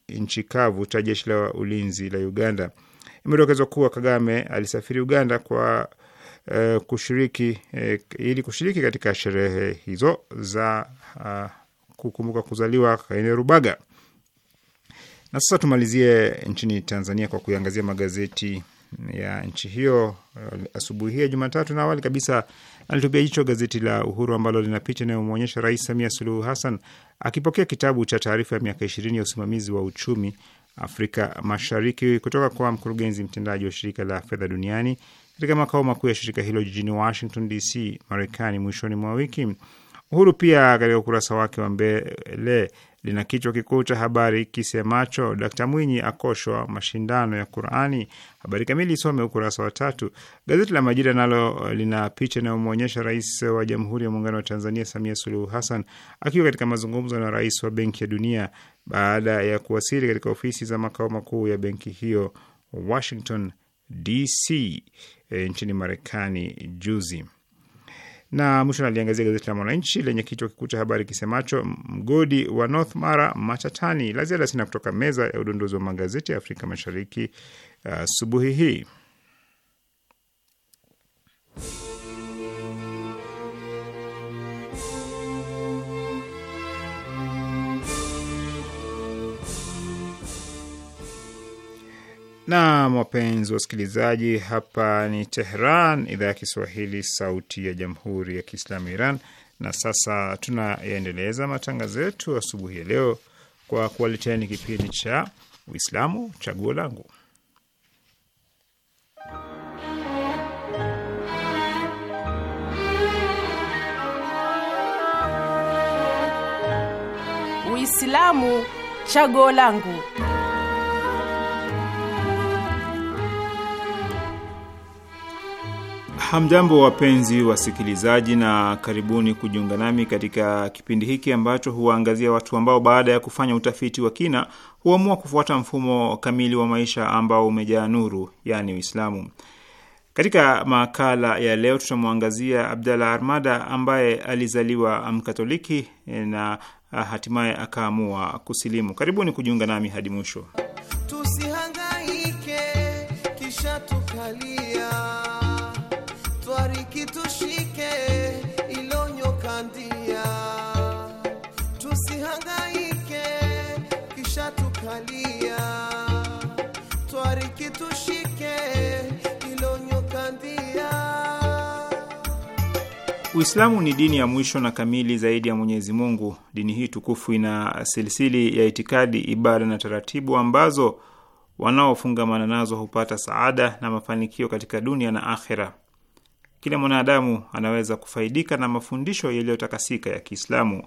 nchi kavu cha jeshi la ulinzi la Uganda. Imedokezwa kuwa Kagame alisafiri Uganda kwa e, kushiriki e, ili kushiriki katika sherehe hizo za a, kukumbuka kuzaliwa Kainerubaga. Na sasa tumalizie nchini Tanzania kwa kuiangazia magazeti ya nchi hiyo uh, asubuhi hii ya Jumatatu. Na awali kabisa alitupia jicho gazeti la Uhuru ambalo lina picha inayomwonyesha Rais Samia Suluhu Hassan akipokea kitabu cha taarifa ya miaka ishirini ya usimamizi wa uchumi Afrika Mashariki kutoka kwa mkurugenzi mtendaji wa shirika la fedha duniani katika makao makuu ya shirika hilo jijini Washington DC, Marekani, mwishoni mwa wiki. Uhuru pia katika ukurasa wake wa mbele lina kichwa kikuu cha habari kisemacho Dkt Mwinyi akoshwa mashindano ya Qurani. Habari kamili isome ukurasa wa tatu. Gazeti la Majira nalo uh, lina picha inayomwonyesha Rais wa Jamhuri ya Muungano wa Tanzania Samia Suluhu Hassan akiwa katika mazungumzo na rais wa Benki ya Dunia baada ya kuwasili katika ofisi za makao makuu ya benki hiyo Washington DC, e, eh, nchini Marekani juzi. Na mwisho naliangazia gazeti la Mwananchi lenye kichwa kikuu cha habari kisemacho mgodi wa North Mara machatani. La ziada sina kutoka meza ya udondozi wa magazeti ya Afrika Mashariki uh, asubuhi uh, hii. na wapenzi wasikilizaji, hapa ni Tehran, idhaa ya Kiswahili, sauti ya jamhuri ya kiislamu Iran. Na sasa tunayaendeleza matangazo yetu asubuhi ya leo kwa kuwaleteani kipindi cha Uislamu Chaguo Langu. Uislamu Chaguo Langu. Hamjambo, wapenzi wasikilizaji, na karibuni kujiunga nami katika kipindi hiki ambacho huwaangazia watu ambao baada ya kufanya utafiti wa kina huamua kufuata mfumo kamili wa maisha ambao umejaa nuru, yaani Uislamu. Katika makala ya leo tutamwangazia abdalah Armada ambaye alizaliwa Mkatoliki eh, na ah, hatimaye akaamua kusilimu. Karibuni kujiunga nami hadi mwisho. Uislamu ni dini ya mwisho na kamili zaidi ya Mwenyezi Mungu. Dini hii tukufu ina silsili ya itikadi, ibada na taratibu ambazo wanaofungamana nazo hupata saada na mafanikio katika dunia na akhera. Kila mwanadamu anaweza kufaidika na mafundisho yaliyotakasika ya Kiislamu.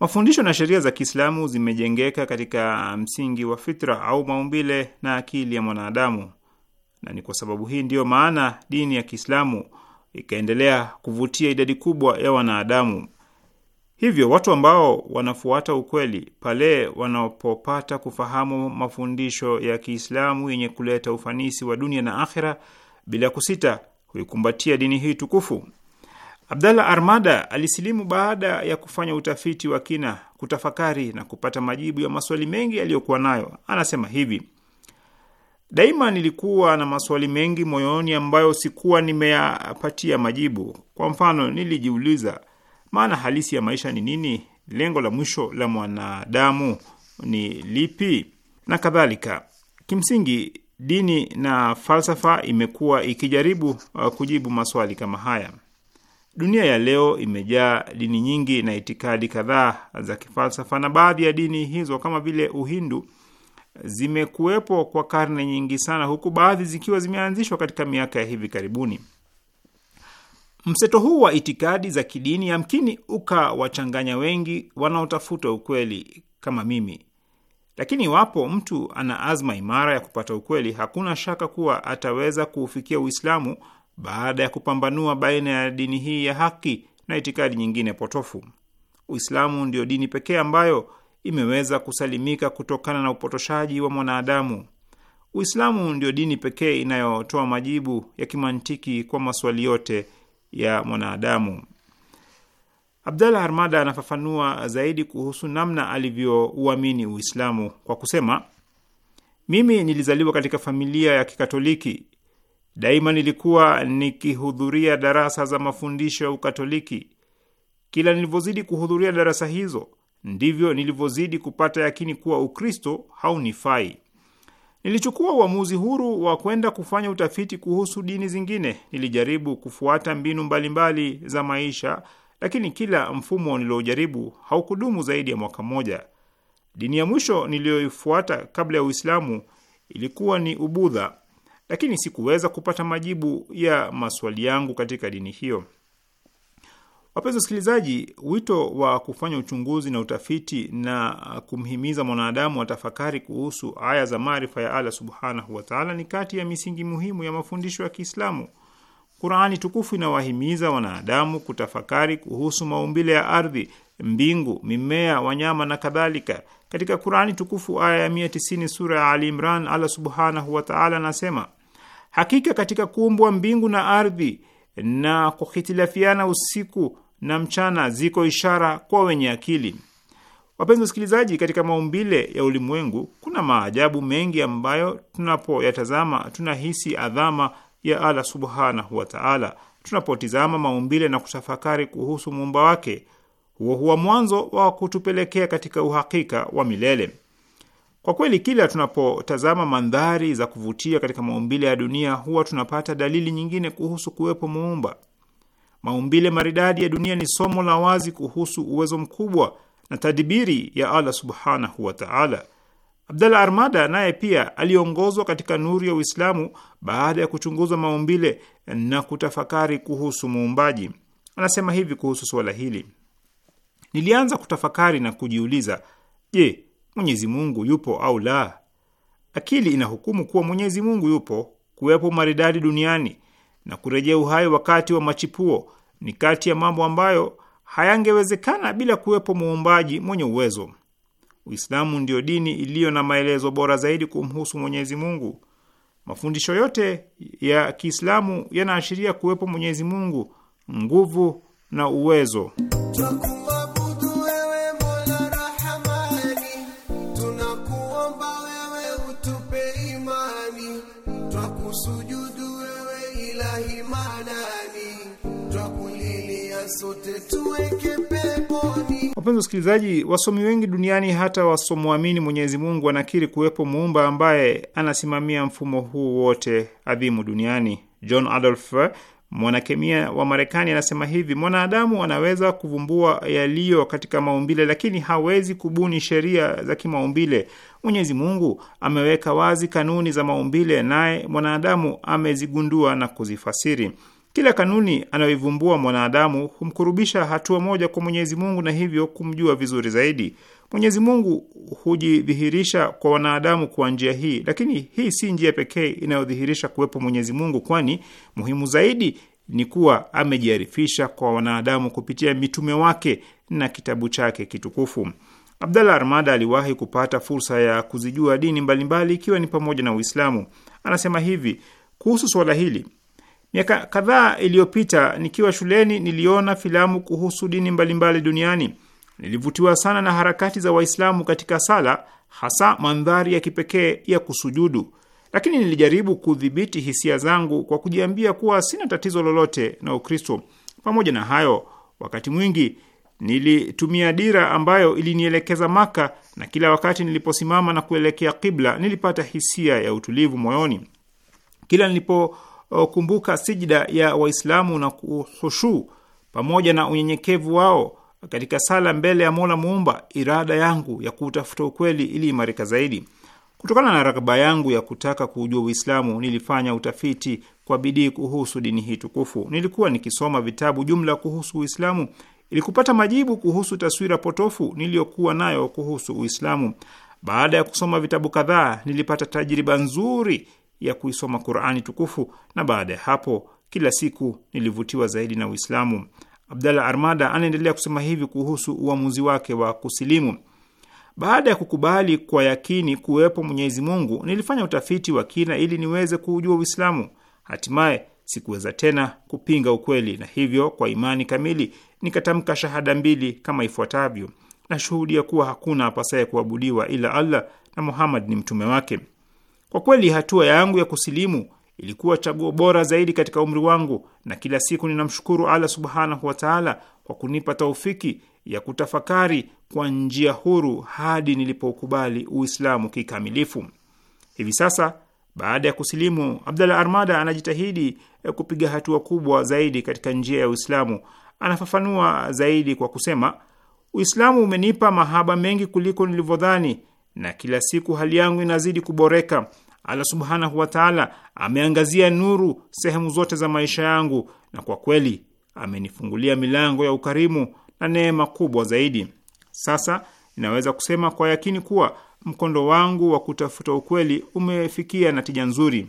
Mafundisho na sheria za Kiislamu zimejengeka katika msingi wa fitra au maumbile na akili ya mwanadamu, na ni kwa sababu hii ndiyo maana dini ya Kiislamu ikaendelea kuvutia idadi kubwa ya wanadamu. Hivyo watu ambao wanafuata ukweli pale wanapopata kufahamu mafundisho ya Kiislamu yenye kuleta ufanisi wa dunia na akhira bila kusita huikumbatia dini hii tukufu. Abdallah Armada alisilimu baada ya kufanya utafiti wa kina, kutafakari na kupata majibu ya maswali mengi aliyokuwa nayo. Anasema hivi: Daima nilikuwa na maswali mengi moyoni ambayo sikuwa nimeyapatia majibu. Kwa mfano, nilijiuliza maana halisi ya maisha ni nini, lengo la mwisho la mwanadamu ni lipi, na kadhalika. Kimsingi, dini na falsafa imekuwa ikijaribu uh, kujibu maswali kama haya. Dunia ya leo imejaa dini nyingi na itikadi kadhaa za kifalsafa, na baadhi ya dini hizo kama vile Uhindu zimekuwepo kwa karne nyingi sana, huku baadhi zikiwa zimeanzishwa katika miaka ya hivi karibuni. Mseto huu wa itikadi za kidini yamkini ukawachanganya wengi wanaotafuta ukweli kama mimi, lakini iwapo mtu ana azma imara ya kupata ukweli, hakuna shaka kuwa ataweza kuufikia Uislamu baada ya kupambanua baina ya dini hii ya haki na itikadi nyingine potofu. Uislamu ndio dini pekee ambayo imeweza kusalimika kutokana na upotoshaji wa mwanadamu. Uislamu ndio dini pekee inayotoa majibu ya kimantiki kwa maswali yote ya mwanadamu. Abdallah Armada anafafanua zaidi kuhusu namna alivyouamini Uislamu kwa kusema, mimi nilizaliwa katika familia ya Kikatoliki. Daima nilikuwa nikihudhuria darasa za mafundisho ya Ukatoliki. Kila nilivyozidi kuhudhuria darasa hizo ndivyo nilivyozidi kupata yakini kuwa Ukristo haunifai. Nilichukua uamuzi huru wa kwenda kufanya utafiti kuhusu dini zingine. Nilijaribu kufuata mbinu mbalimbali mbali za maisha, lakini kila mfumo niliojaribu haukudumu zaidi ya mwaka mmoja. Dini ya mwisho niliyoifuata kabla ya Uislamu ilikuwa ni Ubudha, lakini sikuweza kupata majibu ya maswali yangu katika dini hiyo. Wapenzi wasikilizaji, wito wa kufanya uchunguzi na utafiti na kumhimiza mwanadamu atafakari kuhusu aya za maarifa ya Allah subhanahu wataala ni kati ya misingi muhimu ya mafundisho ya Kiislamu. Qurani tukufu inawahimiza wanadamu kutafakari kuhusu maumbile ya ardhi, mbingu, mimea, wanyama na kadhalika. Katika Qurani tukufu aya ya 190 sura ya Ali Imran, Allah subhanahu wataala anasema, hakika katika kuumbwa mbingu na ardhi na kuhitilafiana usiku na mchana ziko ishara kwa wenye akili. Wapenzi wasikilizaji, katika maumbile ya ulimwengu kuna maajabu mengi ambayo tunapoyatazama tunahisi adhama ya Allah subhanahu wa taala. Tunapotizama maumbile na kutafakari kuhusu muumba wake, huo huwa mwanzo wa kutupelekea katika uhakika wa milele. Kwa kweli, kila tunapotazama mandhari za kuvutia katika maumbile ya dunia, huwa tunapata dalili nyingine kuhusu kuwepo muumba. Maumbile maridadi ya dunia ni somo la wazi kuhusu uwezo mkubwa na tadibiri ya Allah subhanahu wa taala. Abdallah Armada naye pia aliongozwa katika nuru ya Uislamu baada ya kuchunguza maumbile na kutafakari kuhusu muumbaji. Anasema hivi kuhusu suala hili: nilianza kutafakari na kujiuliza, je, Mwenyezi Mungu yupo au la? Akili inahukumu kuwa Mwenyezi Mungu yupo, kuwepo maridadi duniani na kurejea uhai wakati wa machipuo ni kati ya mambo ambayo hayangewezekana bila kuwepo muumbaji mwenye uwezo. Uislamu ndiyo dini iliyo na maelezo bora zaidi kumhusu Mwenyezi Mungu. Mafundisho yote ya Kiislamu yanaashiria kuwepo Mwenyezi Mungu, nguvu na uwezo. Wapenzi wasikilizaji, wasomi wengi duniani, hata wasomwamini Mwenyezi Mungu, wanakiri kuwepo muumba ambaye anasimamia mfumo huu wote adhimu duniani. John Adolf, mwanakemia wa Marekani, anasema hivi: mwanadamu anaweza kuvumbua yaliyo katika maumbile, lakini hawezi kubuni sheria za kimaumbile. Mwenyezi Mungu ameweka wazi kanuni za maumbile, naye mwanadamu amezigundua na kuzifasiri. Kila kanuni anayoivumbua mwanadamu humkurubisha hatua moja kwa Mwenyezi Mungu na hivyo kumjua vizuri zaidi. Mwenyezi Mungu hujidhihirisha kwa wanadamu kwa njia hii, lakini hii si njia pekee inayodhihirisha kuwepo Mwenyezi Mungu, kwani muhimu zaidi ni kuwa amejiarifisha kwa wanadamu kupitia mitume wake na kitabu chake kitukufu. Abdallah Armada aliwahi kupata fursa ya kuzijua dini mbalimbali ikiwa ni pamoja na Uislamu. Anasema hivi kuhusu suala hili: Miaka kadhaa iliyopita nikiwa shuleni niliona filamu kuhusu dini mbalimbali duniani. Nilivutiwa sana na harakati za Waislamu katika sala, hasa mandhari ya kipekee ya kusujudu. Lakini nilijaribu kudhibiti hisia zangu kwa kujiambia kuwa sina tatizo lolote na Ukristo. Pamoja na hayo, wakati mwingi nilitumia dira ambayo ilinielekeza Maka, na kila wakati niliposimama na kuelekea kibla nilipata hisia ya utulivu moyoni. Kila nilipo Uh, kumbuka sijida ya Waislamu na kuhushuu pamoja na unyenyekevu wao katika sala mbele ya Mola Muumba, irada yangu ya kutafuta ukweli iliimarika zaidi. Kutokana na rakba yangu ya kutaka kuujua Uislamu, nilifanya utafiti kwa bidii kuhusu dini hii tukufu. Nilikuwa nikisoma vitabu jumla kuhusu Uislamu ili kupata majibu kuhusu taswira potofu niliyokuwa nayo kuhusu Uislamu. Baada ya kusoma vitabu kadhaa, nilipata tajriba nzuri ya kuisoma Qurani tukufu na baada ya hapo kila siku nilivutiwa zaidi na Uislamu. Abdallah Armada anaendelea kusema hivi kuhusu uamuzi wake wa kusilimu. Baada ya kukubali kwa yakini kuwepo Mwenyezi Mungu, nilifanya utafiti wa kina ili niweze kuujua Uislamu. Hatimaye sikuweza tena kupinga ukweli, na hivyo kwa imani kamili nikatamka shahada mbili kama ifuatavyo: nashuhudia kuwa hakuna apasaye kuabudiwa ila Allah na Muhammad ni mtume wake. Kwa kweli hatua yangu ya kusilimu ilikuwa chaguo bora zaidi katika umri wangu, na kila siku ninamshukuru Allah subhanahu wa taala kwa kunipa taufiki ya kutafakari kwa njia huru hadi nilipokubali Uislamu kikamilifu. Hivi sasa baada ya kusilimu, Abdallah Armada anajitahidi eh, kupiga hatua kubwa zaidi katika njia ya Uislamu. Anafafanua zaidi kwa kusema, Uislamu umenipa mahaba mengi kuliko nilivyodhani na kila siku hali yangu inazidi kuboreka. Allah subhanahu wataala ameangazia nuru sehemu zote za maisha yangu, na kwa kweli amenifungulia milango ya ukarimu na neema kubwa zaidi. Sasa ninaweza kusema kwa yakini kuwa mkondo wangu wa kutafuta ukweli umefikia natija nzuri.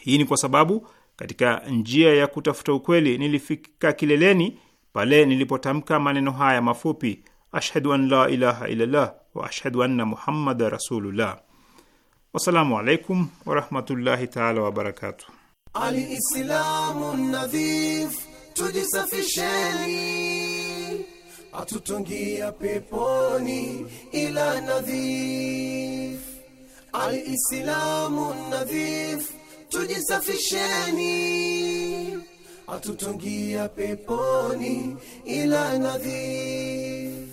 Hii ni kwa sababu katika njia ya kutafuta ukweli nilifika kileleni pale nilipotamka maneno haya mafupi ashhadu an la ilaha illallah wa ashhadu anna muhammada rasulullah. Wassalamu alaikum warahmatullahi taala wabarakatuh. Aliislamu nadhif, tujisafisheni, atutungia peponi ila nadhif. Aliislamu nadhif, tujisafisheni, atutungia peponi ila nadhif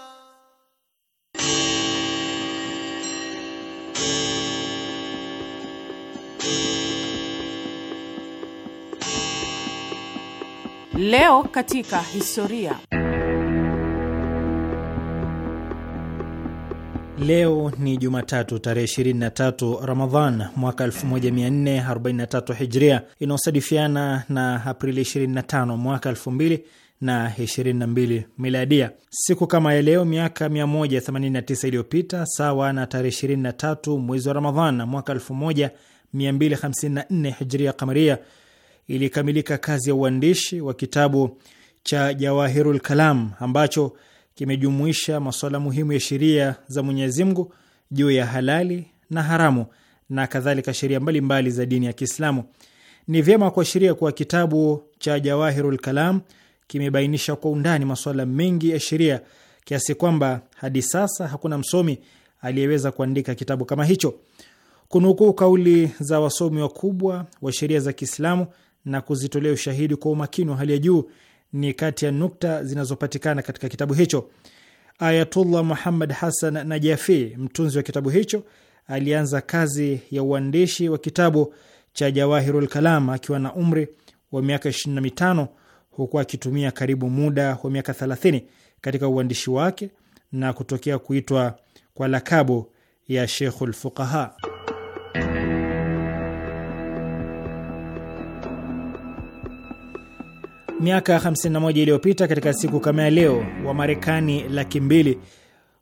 Leo katika historia. Leo ni Jumatatu tarehe 23 Ramadhan mwaka 1443 Hijria, inayosadifiana na Aprili 25 mwaka 2022 Miladia. Siku kama ya leo miaka 189 iliyopita, sawa na tarehe 23 mwezi wa Ramadhan mwaka 1254 Hijria Kamaria, ilikamilika kazi ya uandishi wa kitabu cha Jawahirul Kalam ambacho kimejumuisha masuala muhimu ya sheria za Mwenyezi Mungu juu ya halali na haramu na kadhalika sheria mbalimbali za dini ya Kiislamu. Ni vyema kuashiria kuwa kitabu cha Jawahirul Kalam kimebainisha kwa undani masuala mengi ya sheria kiasi kwamba hadi sasa hakuna msomi aliyeweza kuandika kitabu kama hicho. Kunukuu kauli za wasomi wakubwa wa sheria za Kiislamu na kuzitolea ushahidi kwa umakini wa hali ya juu ni kati ya nukta zinazopatikana katika kitabu hicho. Ayatullah Muhammad Hassan Najafi, mtunzi wa kitabu hicho, alianza kazi ya uandishi wa kitabu cha Jawahirul Kalam akiwa na umri wa miaka 25 huku akitumia karibu muda wa miaka 30 katika uandishi wake na kutokea kuitwa kwa lakabu ya Sheikhul Fuqaha. Miaka 51 iliyopita katika siku kama ya leo, Wamarekani laki mbili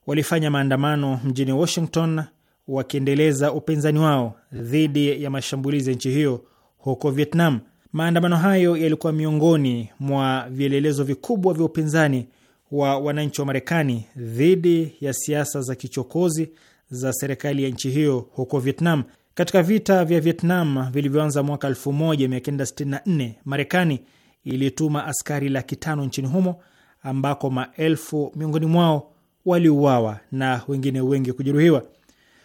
walifanya maandamano mjini Washington wakiendeleza upinzani wao dhidi ya mashambulizi ya nchi hiyo huko Vietnam. Maandamano hayo yalikuwa miongoni mwa vielelezo vikubwa vya upinzani wa wananchi wa Marekani dhidi ya siasa za kichokozi za serikali ya nchi hiyo huko Vietnam. Katika vita vya Vietnam vilivyoanza mwaka 1964 Marekani ilituma askari laki tano nchini humo ambako maelfu miongoni mwao waliuawa na wengine wengi kujeruhiwa.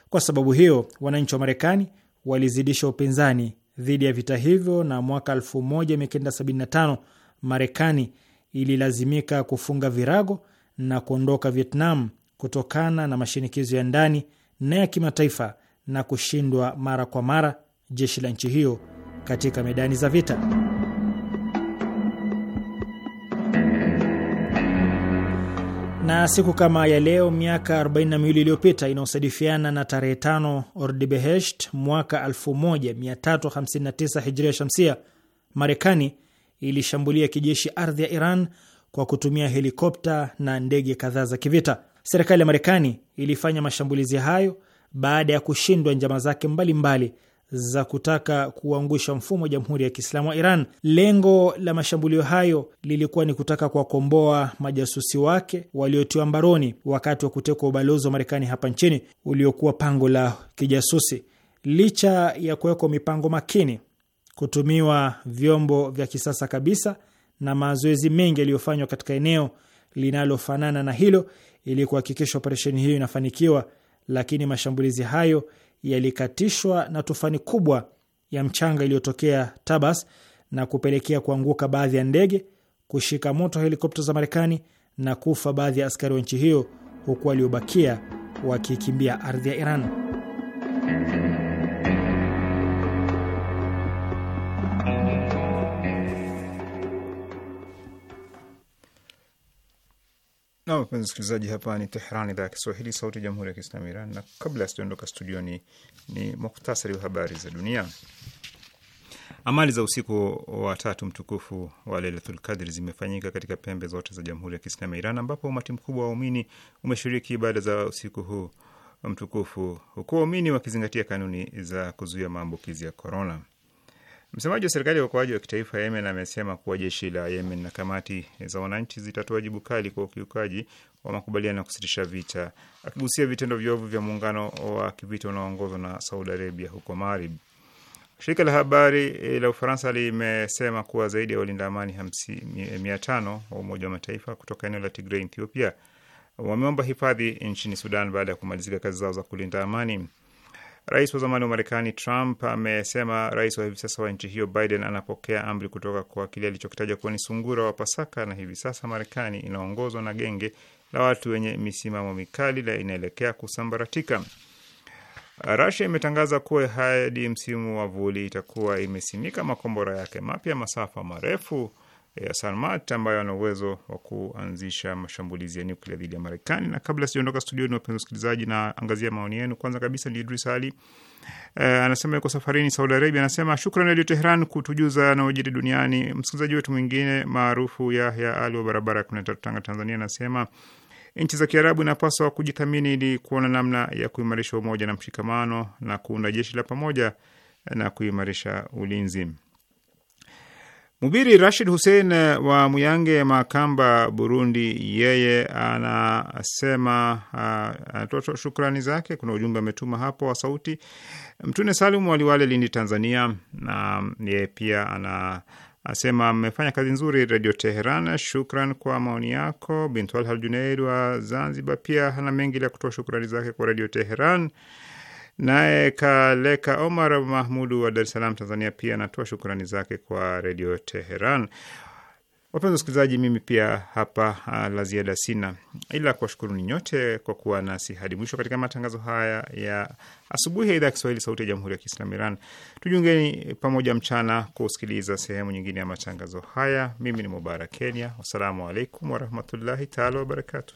Kwa sababu hiyo, wananchi wa Marekani walizidisha upinzani dhidi ya vita hivyo, na mwaka 1975 Marekani ililazimika kufunga virago na kuondoka Vietnam kutokana na mashinikizo ya ndani na ya kimataifa na kushindwa mara kwa mara jeshi la nchi hiyo katika medani za vita. na siku kama ya leo miaka 42 iliyopita inaosadifiana na tarehe 5 Ordibehesht mwaka 1359 Hijria Shamsia, Marekani ilishambulia kijeshi ardhi ya Iran kwa kutumia helikopta na ndege kadhaa za kivita. Serikali ya Marekani ilifanya mashambulizi hayo baada ya kushindwa njama zake mbalimbali za kutaka kuangusha mfumo wa Jamhuri ya Kiislamu wa Iran. Lengo la mashambulio hayo lilikuwa ni kutaka kuwakomboa majasusi wake waliotiwa mbaroni wakati wa kutekwa ubalozi wa Marekani hapa nchini uliokuwa pango la kijasusi. Licha ya kuwekwa mipango makini, kutumiwa vyombo vya kisasa kabisa na mazoezi mengi yaliyofanywa katika eneo linalofanana na hilo ili kuhakikisha operesheni hiyo inafanikiwa, lakini mashambulizi hayo yalikatishwa na tufani kubwa ya mchanga iliyotokea Tabas na kupelekea kuanguka baadhi ya ndege, kushika moto helikopta za Marekani na kufa baadhi ya askari wa nchi hiyo, huku waliobakia wakikimbia ardhi ya Iran. Na wapenzi msikilizaji, hapa ni Tehran, idhaa ya Kiswahili, sauti ya jamhuri ya kiislamu Iran. Na kabla sijaondoka studioni, ni muktasari wa habari za dunia. Amali za usiku wa tatu mtukufu wa Lailatul Qadri zimefanyika katika pembe zote za jamhuri ya kiislamu ya Iran, ambapo umati mkubwa wa waumini umeshiriki ibada za usiku huu mtukufu, huku waumini wakizingatia kanuni za kuzuia maambukizi ya korona. Msemaji wa serikali ya uokoaji wa kitaifa Yemen amesema kuwa jeshi la Yemen na kamati za wananchi zitatoa jibu kali kwa ukiukaji wa makubaliano ya kusitisha vita, akigusia vitendo viovu vya muungano wa kivita unaoongozwa na Saudi Arabia huko Marib. Shirika la habari la Ufaransa limesema kuwa zaidi ya walinda amani mia tano wa Umoja wa Mataifa kutoka eneo la Tigrei, Ethiopia, wameomba hifadhi nchini Sudan baada ya kumalizika kazi zao za kulinda amani. Rais wa zamani wa Marekani Trump amesema rais wa hivi sasa wa nchi hiyo Biden anapokea amri kutoka kwa kile alichokitaja kuwa ni sungura wa Pasaka, na hivi sasa Marekani inaongozwa na genge la watu wenye misimamo mikali na inaelekea kusambaratika. Rasia imetangaza kuwa hadi msimu wa vuli itakuwa imesimika makombora yake mapya masafa marefu ya Sarmat ambayo ana uwezo wa kuanzisha mashambulizi ya nuklia dhidi ya Marekani. Na kabla sijaondoka studioni, wapenzi wasikilizaji, na angazia maoni yenu. Kwanza kabisa ni Idris Ali Uh, anasema yuko safarini Saudi Arabia. Anasema shukran Radio Tehran kutujuza yanayojiri duniani. Msikilizaji wetu mwingine maarufu Yahya Ali wa barabara ya kumi na tatu, Tanga, Tanzania, anasema nchi za Kiarabu inapaswa kujithamini ili kuona namna ya kuimarisha umoja na mshikamano na kuunda jeshi la pamoja na kuimarisha ulinzi. Mhubiri Rashid Hussein eh, wa Muyange Makamba, Burundi, yeye anasema ah, anatoa shukrani zake. Kuna ujumbe ametuma hapo wa sauti. Mtune Salimu Waliwale, Lindi, Tanzania, na mm, yeye pia anasema amefanya kazi nzuri Radio Teheran. Shukran kwa maoni yako. Bintu Alhal wa Zanzibar pia hana mengi la kutoa shukrani zake kwa Radio Teheran. Naye Kaleka Omar Mahmudu wa Dar es Salaam, Tanzania, pia anatoa shukrani zake kwa Redio Teheran. Wapenzi wasikilizaji, mimi pia hapa uh, la ziada sina ila ni nyote kwa kuwa nasi hadi mwisho katika matangazo haya ya asubuhi ya idhaa ya Kiswahili, Sauti ya Jamhuri ya Kiislamu Iran. Tujungeni pamoja mchana kusikiliza sehemu nyingine ya matangazo haya. Mimi ni Mubarak Kenya, wassalamu alaikum warahmatullahi taala wabarakatuh.